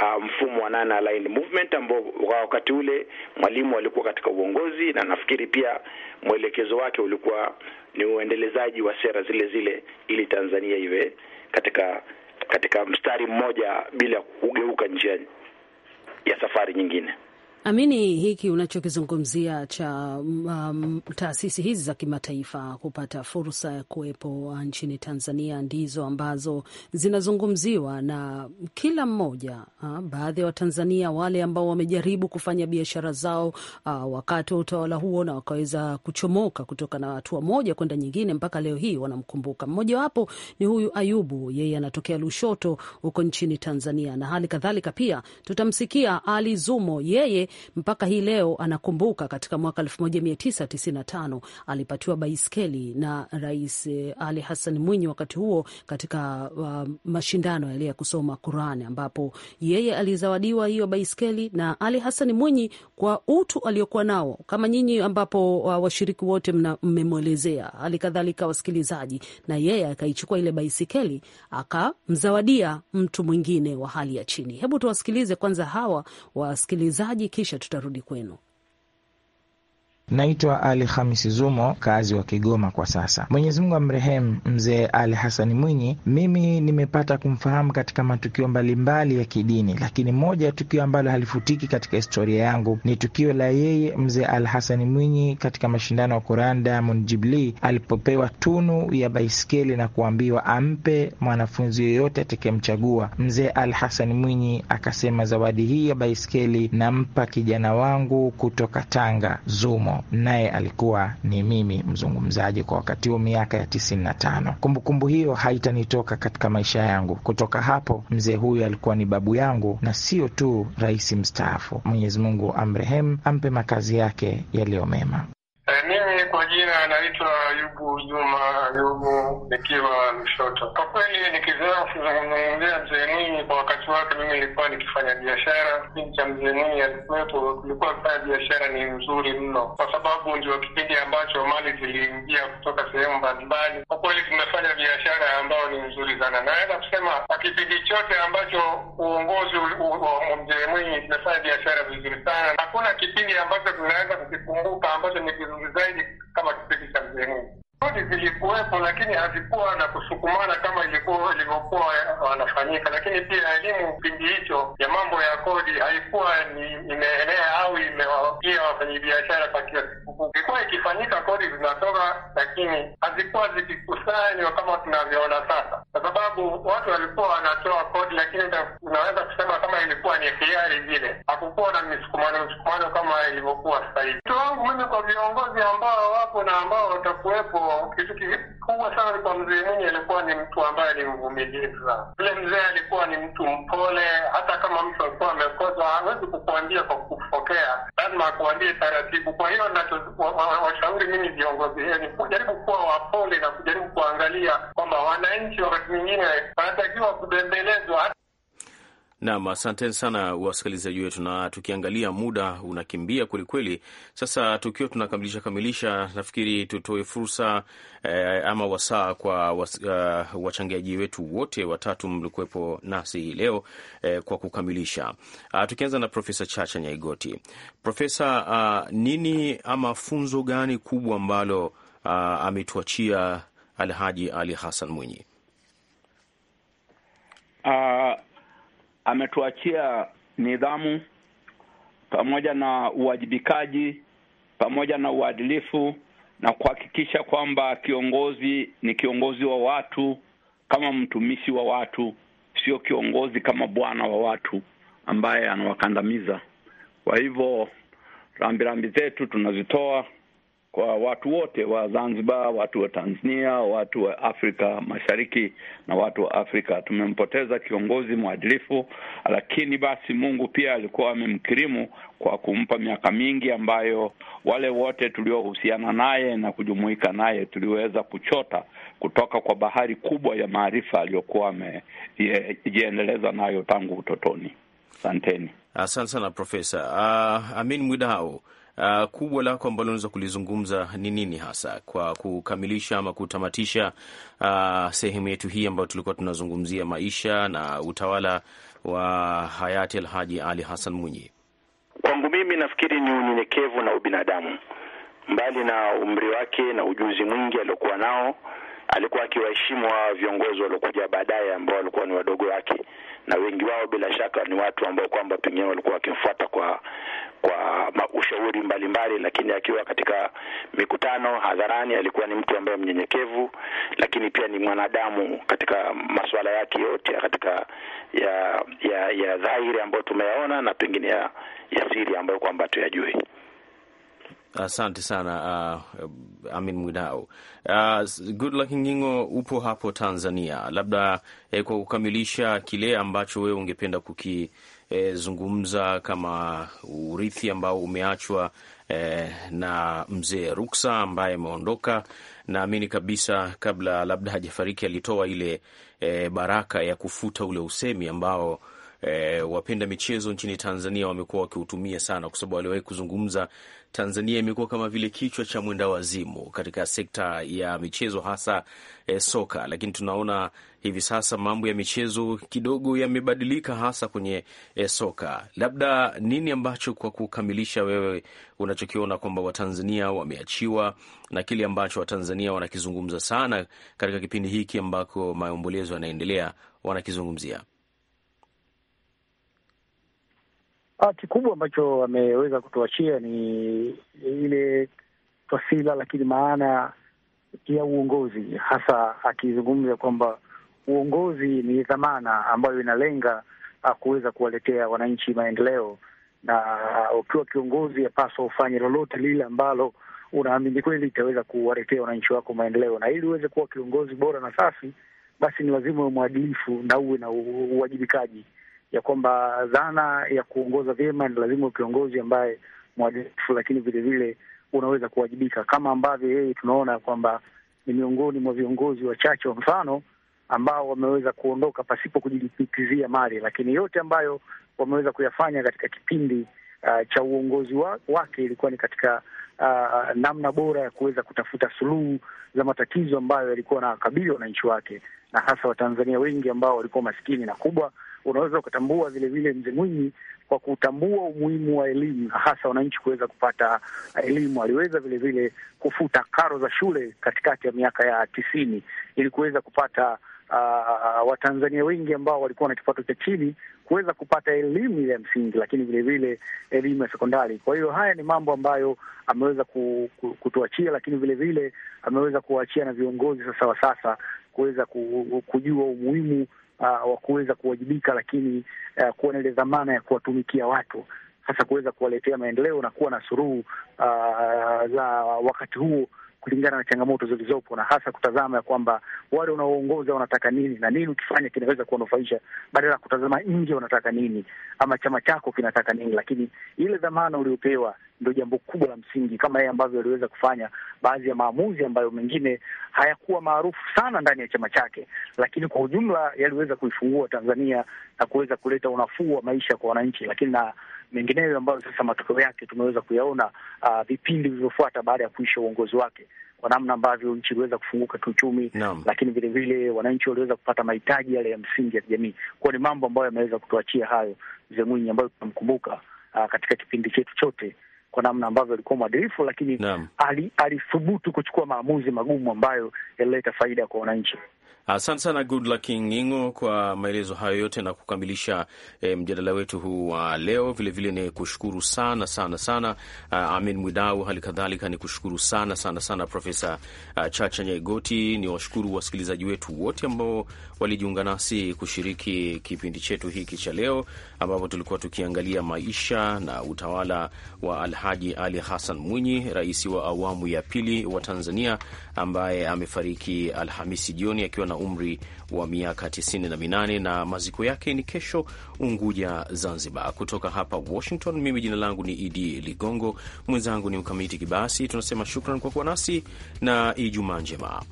uh, mfumo wa nana aligned movement ambao kwa wakati ule Mwalimu alikuwa katika uongozi, na nafikiri pia mwelekezo wake ulikuwa ni uendelezaji wa sera zile zile ili Tanzania iwe katika katika mstari mmoja bila kugeuka njia ya safari nyingine.
Amini, hiki unachokizungumzia cha um, taasisi hizi za kimataifa kupata fursa ya kuwepo nchini Tanzania ndizo ambazo zinazungumziwa na kila mmoja. Baadhi ya Watanzania wale ambao wamejaribu kufanya biashara zao uh, wakati wa utawala huo na wakaweza kuchomoka kutoka na hatua moja kwenda nyingine, mpaka leo hii wanamkumbuka. Mmojawapo ni huyu Ayubu, yeye anatokea Lushoto huko nchini Tanzania, na hali kadhalika pia tutamsikia Ali Zumo, yeye mpaka hii leo anakumbuka katika mwaka 1995 alipatiwa baiskeli na Rais eh, Ali Hassan Mwinyi wakati huo katika uh, mashindano yale ya kusoma Quran, ambapo yeye alizawadiwa hiyo baiskeli na Ali Hassan Mwinyi kwa utu aliokuwa nao kama nyinyi, ambapo uh, washiriki wote mmemwelezea, hali kadhalika wasikilizaji, na yeye akaichukua ile baisikeli akamzawadia mtu mwingine wa hali ya chini. Hebu tuwasikilize kwanza hawa wasikilizaji kisha tutarudi kwenu.
Naitwa Ali Hamisi Zumo, kazi wa Kigoma kwa sasa. Mwenyezi Mungu amrehemu mzee Ali Hasani Mwinyi. Mimi nimepata kumfahamu katika matukio
mbalimbali mbali ya kidini, lakini moja ya tukio ambalo halifutiki katika historia yangu ni tukio
la yeye mzee Ali Hasani Mwinyi katika mashindano ya Quran Diamond Jubilee, alipopewa tunu ya baiskeli na kuambiwa ampe mwanafunzi yoyote atakayemchagua. Mzee Ali Hasani Mwinyi akasema, zawadi hii ya baiskeli nampa kijana wangu kutoka Tanga, Zumo humo, naye alikuwa ni mimi mzungumzaji kwa wakati huo, miaka ya tisini na tano. Kumbukumbu hiyo haitanitoka katika maisha yangu. Kutoka hapo, mzee huyu alikuwa ni babu yangu na sio tu rais mstaafu. Mwenyezi Mungu amrehemu, ampe makazi yake yaliyo mema.
E, mimi kwa jina naitwa Ayubu Juma Ayubu nikiwa Lushoto. Kwa kweli nikizoea kuzungumzia mzee Mwinyi kwa wakati wake, mimi nilikuwa nikifanya biashara. Kipindi cha mzee Mwinyi alikuwepo, tulikuwa kufanya biashara ni nzuri mno, kwa sababu ndio kipindi ambacho mali ziliingia kutoka sehemu mbalimbali. Kwa kweli tumefanya biashara ambayo ni nzuri sana. Naweza kusema kwa kipindi chote ambacho uongozi wa mzee Mwinyi tumefanya biashara vizuri sana. Hakuna kipindi ambacho tunaweza kukikumbuka ambacho ni nyingi zaidi kama kipindi cha mzee Mungu zilikuwepo lakini hazikuwa na kusukumana kama ilikuwa ilivyokuwa wanafanyika, lakini pia elimu kipindi hicho ya mambo ya kodi haikuwa ni imeenea au imewafikia wafanyabiashara kwa kiasi kikubwa. Ilikuwa ikifanyika, kodi zinatoka, lakini hazikuwa zikikusanywa kama tunavyoona sasa, kwa sababu watu walikuwa wanatoa kodi, lakini unaweza kusema kama ilikuwa ni hiari vile, hakukuwa na misukumano msukumano kama ilivyokuwa sasa hivi. Mtu wangu mimi kwa viongozi ambao wapo na ambao watakuwepo kitu kikubwa sana kwa mzee Mwinyi, alikuwa ni mtu ambaye ni mvumilivu sana. Yule mzee alikuwa ni mtu mpole, hata kama mtu alikuwa amekosa hawezi kukuambia kwa kukupokea, lazima akuambie taratibu. Kwa hiyo nachowashauri mimi viongozi heni kujaribu kuwa wapole na kujaribu kuangalia kwamba wananchi wakati mwingine wanatakiwa kubembelezwa.
Nam, asanteni sana wasikilizaji wetu, na tukiangalia muda unakimbia kwelikweli. Sasa tukiwa tunakamilisha kamilisha, nafikiri tutoe fursa eh, ama wasaa kwa was, uh, wachangiaji wetu wote watatu mlikuwepo nasi hii leo eh, kwa kukamilisha. Uh, tukianza na Profesa Chacha Nyaigoti. Profesa, uh, nini ama funzo gani kubwa ambalo uh, ametuachia Alhaji Ali Hassan Mwinyi?
uh ametuachia nidhamu pamoja na uwajibikaji pamoja na uadilifu na kuhakikisha kwamba kiongozi ni kiongozi wa watu kama mtumishi wa watu, sio kiongozi kama bwana wa watu ambaye anawakandamiza. Kwa hivyo rambirambi zetu tunazitoa kwa watu wote wa Zanzibar, watu wa Tanzania, watu wa Afrika Mashariki na watu wa Afrika. Tumempoteza kiongozi mwadilifu, lakini basi Mungu pia alikuwa amemkirimu kwa kumpa miaka mingi ambayo wale wote tuliohusiana naye na kujumuika naye tuliweza kuchota kutoka kwa bahari kubwa ya maarifa aliyokuwa amejiendeleza nayo tangu utotoni. Asanteni,
asante sana Profesa uh, Amin Mwidau uh, kubwa lako ambalo unaweza kulizungumza ni nini hasa kwa kukamilisha ama kutamatisha uh, sehemu yetu hii ambayo tulikuwa tunazungumzia maisha na utawala wa hayati Alhaji Ali Hassan Mwinyi?
Kwangu mimi nafikiri ni unyenyekevu na ubinadamu, mbali na umri wake na ujuzi mwingi aliokuwa nao alikuwa akiwaheshimu hawa viongozi waliokuja baadaye ambao walikuwa ni wadogo wake, na wengi wao bila shaka ni watu ambao kwamba pengine walikuwa wakimfuata kwa kwa ushauri mbalimbali, lakini akiwa katika mikutano hadharani alikuwa ni mtu ambaye mnyenyekevu, lakini pia ni mwanadamu katika masuala yake yote katika ya ya, ya dhahiri ambayo tumeyaona na pengine ya, ya siri ambayo kwamba tuyajui.
Asante sana uh, Amin Mwidau. Uh, good luck Ngingo, upo hapo Tanzania, labda eh, kwa kukamilisha kile ambacho wewe ungependa kukizungumza eh, kama urithi ambao umeachwa eh, na mzee Ruksa ambaye ameondoka. Naamini kabisa kabla labda hajafariki alitoa ile eh, baraka ya kufuta ule usemi ambao e, wapenda michezo nchini Tanzania wamekuwa wakiutumia sana, kwa sababu waliwahi kuzungumza, Tanzania imekuwa kama vile kichwa cha mwenda wazimu katika sekta ya michezo hasa e, soka, lakini tunaona hivi sasa mambo ya michezo kidogo yamebadilika, hasa kwenye e, soka. Labda nini ambacho kwa kukamilisha, wewe unachokiona kwamba Watanzania wameachiwa na kile ambacho Watanzania wanakizungumza sana katika kipindi hiki ambako maombolezo yanaendelea, wanakizungumzia
Ah, kikubwa ambacho wameweza kutuachia ni ile twasila, lakini maana ya uongozi, hasa akizungumza kwamba uongozi ni dhamana ambayo inalenga ah, kuweza kuwaletea wananchi maendeleo, na ukiwa kiongozi yapaswa ufanye lolote lile ambalo unaamini kweli itaweza kuwaletea wananchi wako maendeleo, na ili uweze kuwa kiongozi bora na safi, basi ni lazima uwe mwadilifu na uwe na uwajibikaji ya kwamba dhana ya kuongoza vyema ni lazima kiongozi ambaye mwadilifu, lakini vilevile unaweza kuwajibika, kama ambavyo yeye tunaona kwamba ni miongoni mwa viongozi wachache wa mfano ambao wameweza kuondoka pasipo kujilimbikizia mali, lakini yote ambayo wameweza kuyafanya katika kipindi uh, cha uongozi wa, wake ilikuwa ni katika uh, namna bora ya kuweza kutafuta suluhu za matatizo ambayo yalikuwa na wakabili wananchi wake na hasa Watanzania wengi ambao walikuwa masikini na kubwa unaweza ukatambua vilevile Mzee Mwinyi kwa kutambua umuhimu wa elimu, hasa wananchi kuweza kupata elimu. Aliweza vilevile kufuta karo za shule katikati ya miaka ya tisini ili kuweza kupata Uh, Watanzania wengi ambao walikuwa na kipato cha chini kuweza kupata elimu ile ya msingi, lakini vilevile elimu ya sekondari. Kwa hiyo haya ni mambo ambayo ameweza ku, ku, kutuachia, lakini vilevile ameweza kuwaachia na viongozi sasa wa sasa kuweza ku, kujua umuhimu Uh, wa kuweza kuwajibika, lakini uh, kuwa na ile dhamana ya kuwatumikia watu sasa kuweza kuwaletea maendeleo na kuwa na suruhu uh, za wakati huo kulingana na changamoto zilizopo, na hasa kutazama ya kwamba wale wanaoongoza wanataka nini na nini ukifanya kinaweza kuwanufaisha, badala ya kutazama nje wanataka nini ama chama chako kinataka nini. Lakini ile dhamana uliopewa ndio jambo kubwa la msingi, kama yeye ambavyo aliweza kufanya baadhi ya maamuzi ambayo mengine hayakuwa maarufu sana ndani ya chama chake, lakini kwa ujumla yaliweza kuifungua Tanzania na kuweza kuleta unafuu wa maisha kwa wananchi, lakini na mengineyo ambayo sasa matokeo yake tumeweza kuyaona uh, vipindi vilivyofuata baada ya kuisha uongozi wake kwa namna ambavyo nchi iliweza kufunguka kiuchumi no. Lakini vile vile wananchi waliweza kupata mahitaji yale ya msingi ya kijamii. Kwa ni mambo ambayo yameweza kutuachia hayo mzee Mwinyi ambayo tunamkumbuka uh, katika kipindi chetu chote kwa namna ambavyo alikuwa mwadilifu, lakini no. alithubutu ali kuchukua maamuzi magumu ambayo yalileta faida kwa wananchi.
Asante sana Goodluck Ng'ing'o kwa maelezo hayo yote na kukamilisha e, mjadala wetu huu wa leo. Vilevile ni kushukuru sana sana sana uh, Amin Mwidau, hali kadhalika ni kushukuru sana sana sana Profesa uh, Chacha Nyaigoti. Ni washukuru wasikilizaji wetu wote ambao walijiunga nasi kushiriki kipindi chetu hiki cha leo, ambapo tulikuwa tukiangalia maisha na utawala wa Alhaji Ali Hassan Mwinyi, rais wa awamu ya pili wa Tanzania, ambaye amefariki Alhamisi jioni akiwa akiwa na umri wa miaka 98 na maziko yake ni kesho Unguja, Zanzibar. Kutoka hapa Washington, mimi jina langu ni Idi Ligongo, mwenzangu ni Mkamiti Kibayasi. Tunasema shukran kwa kuwa nasi na Ijumaa njema.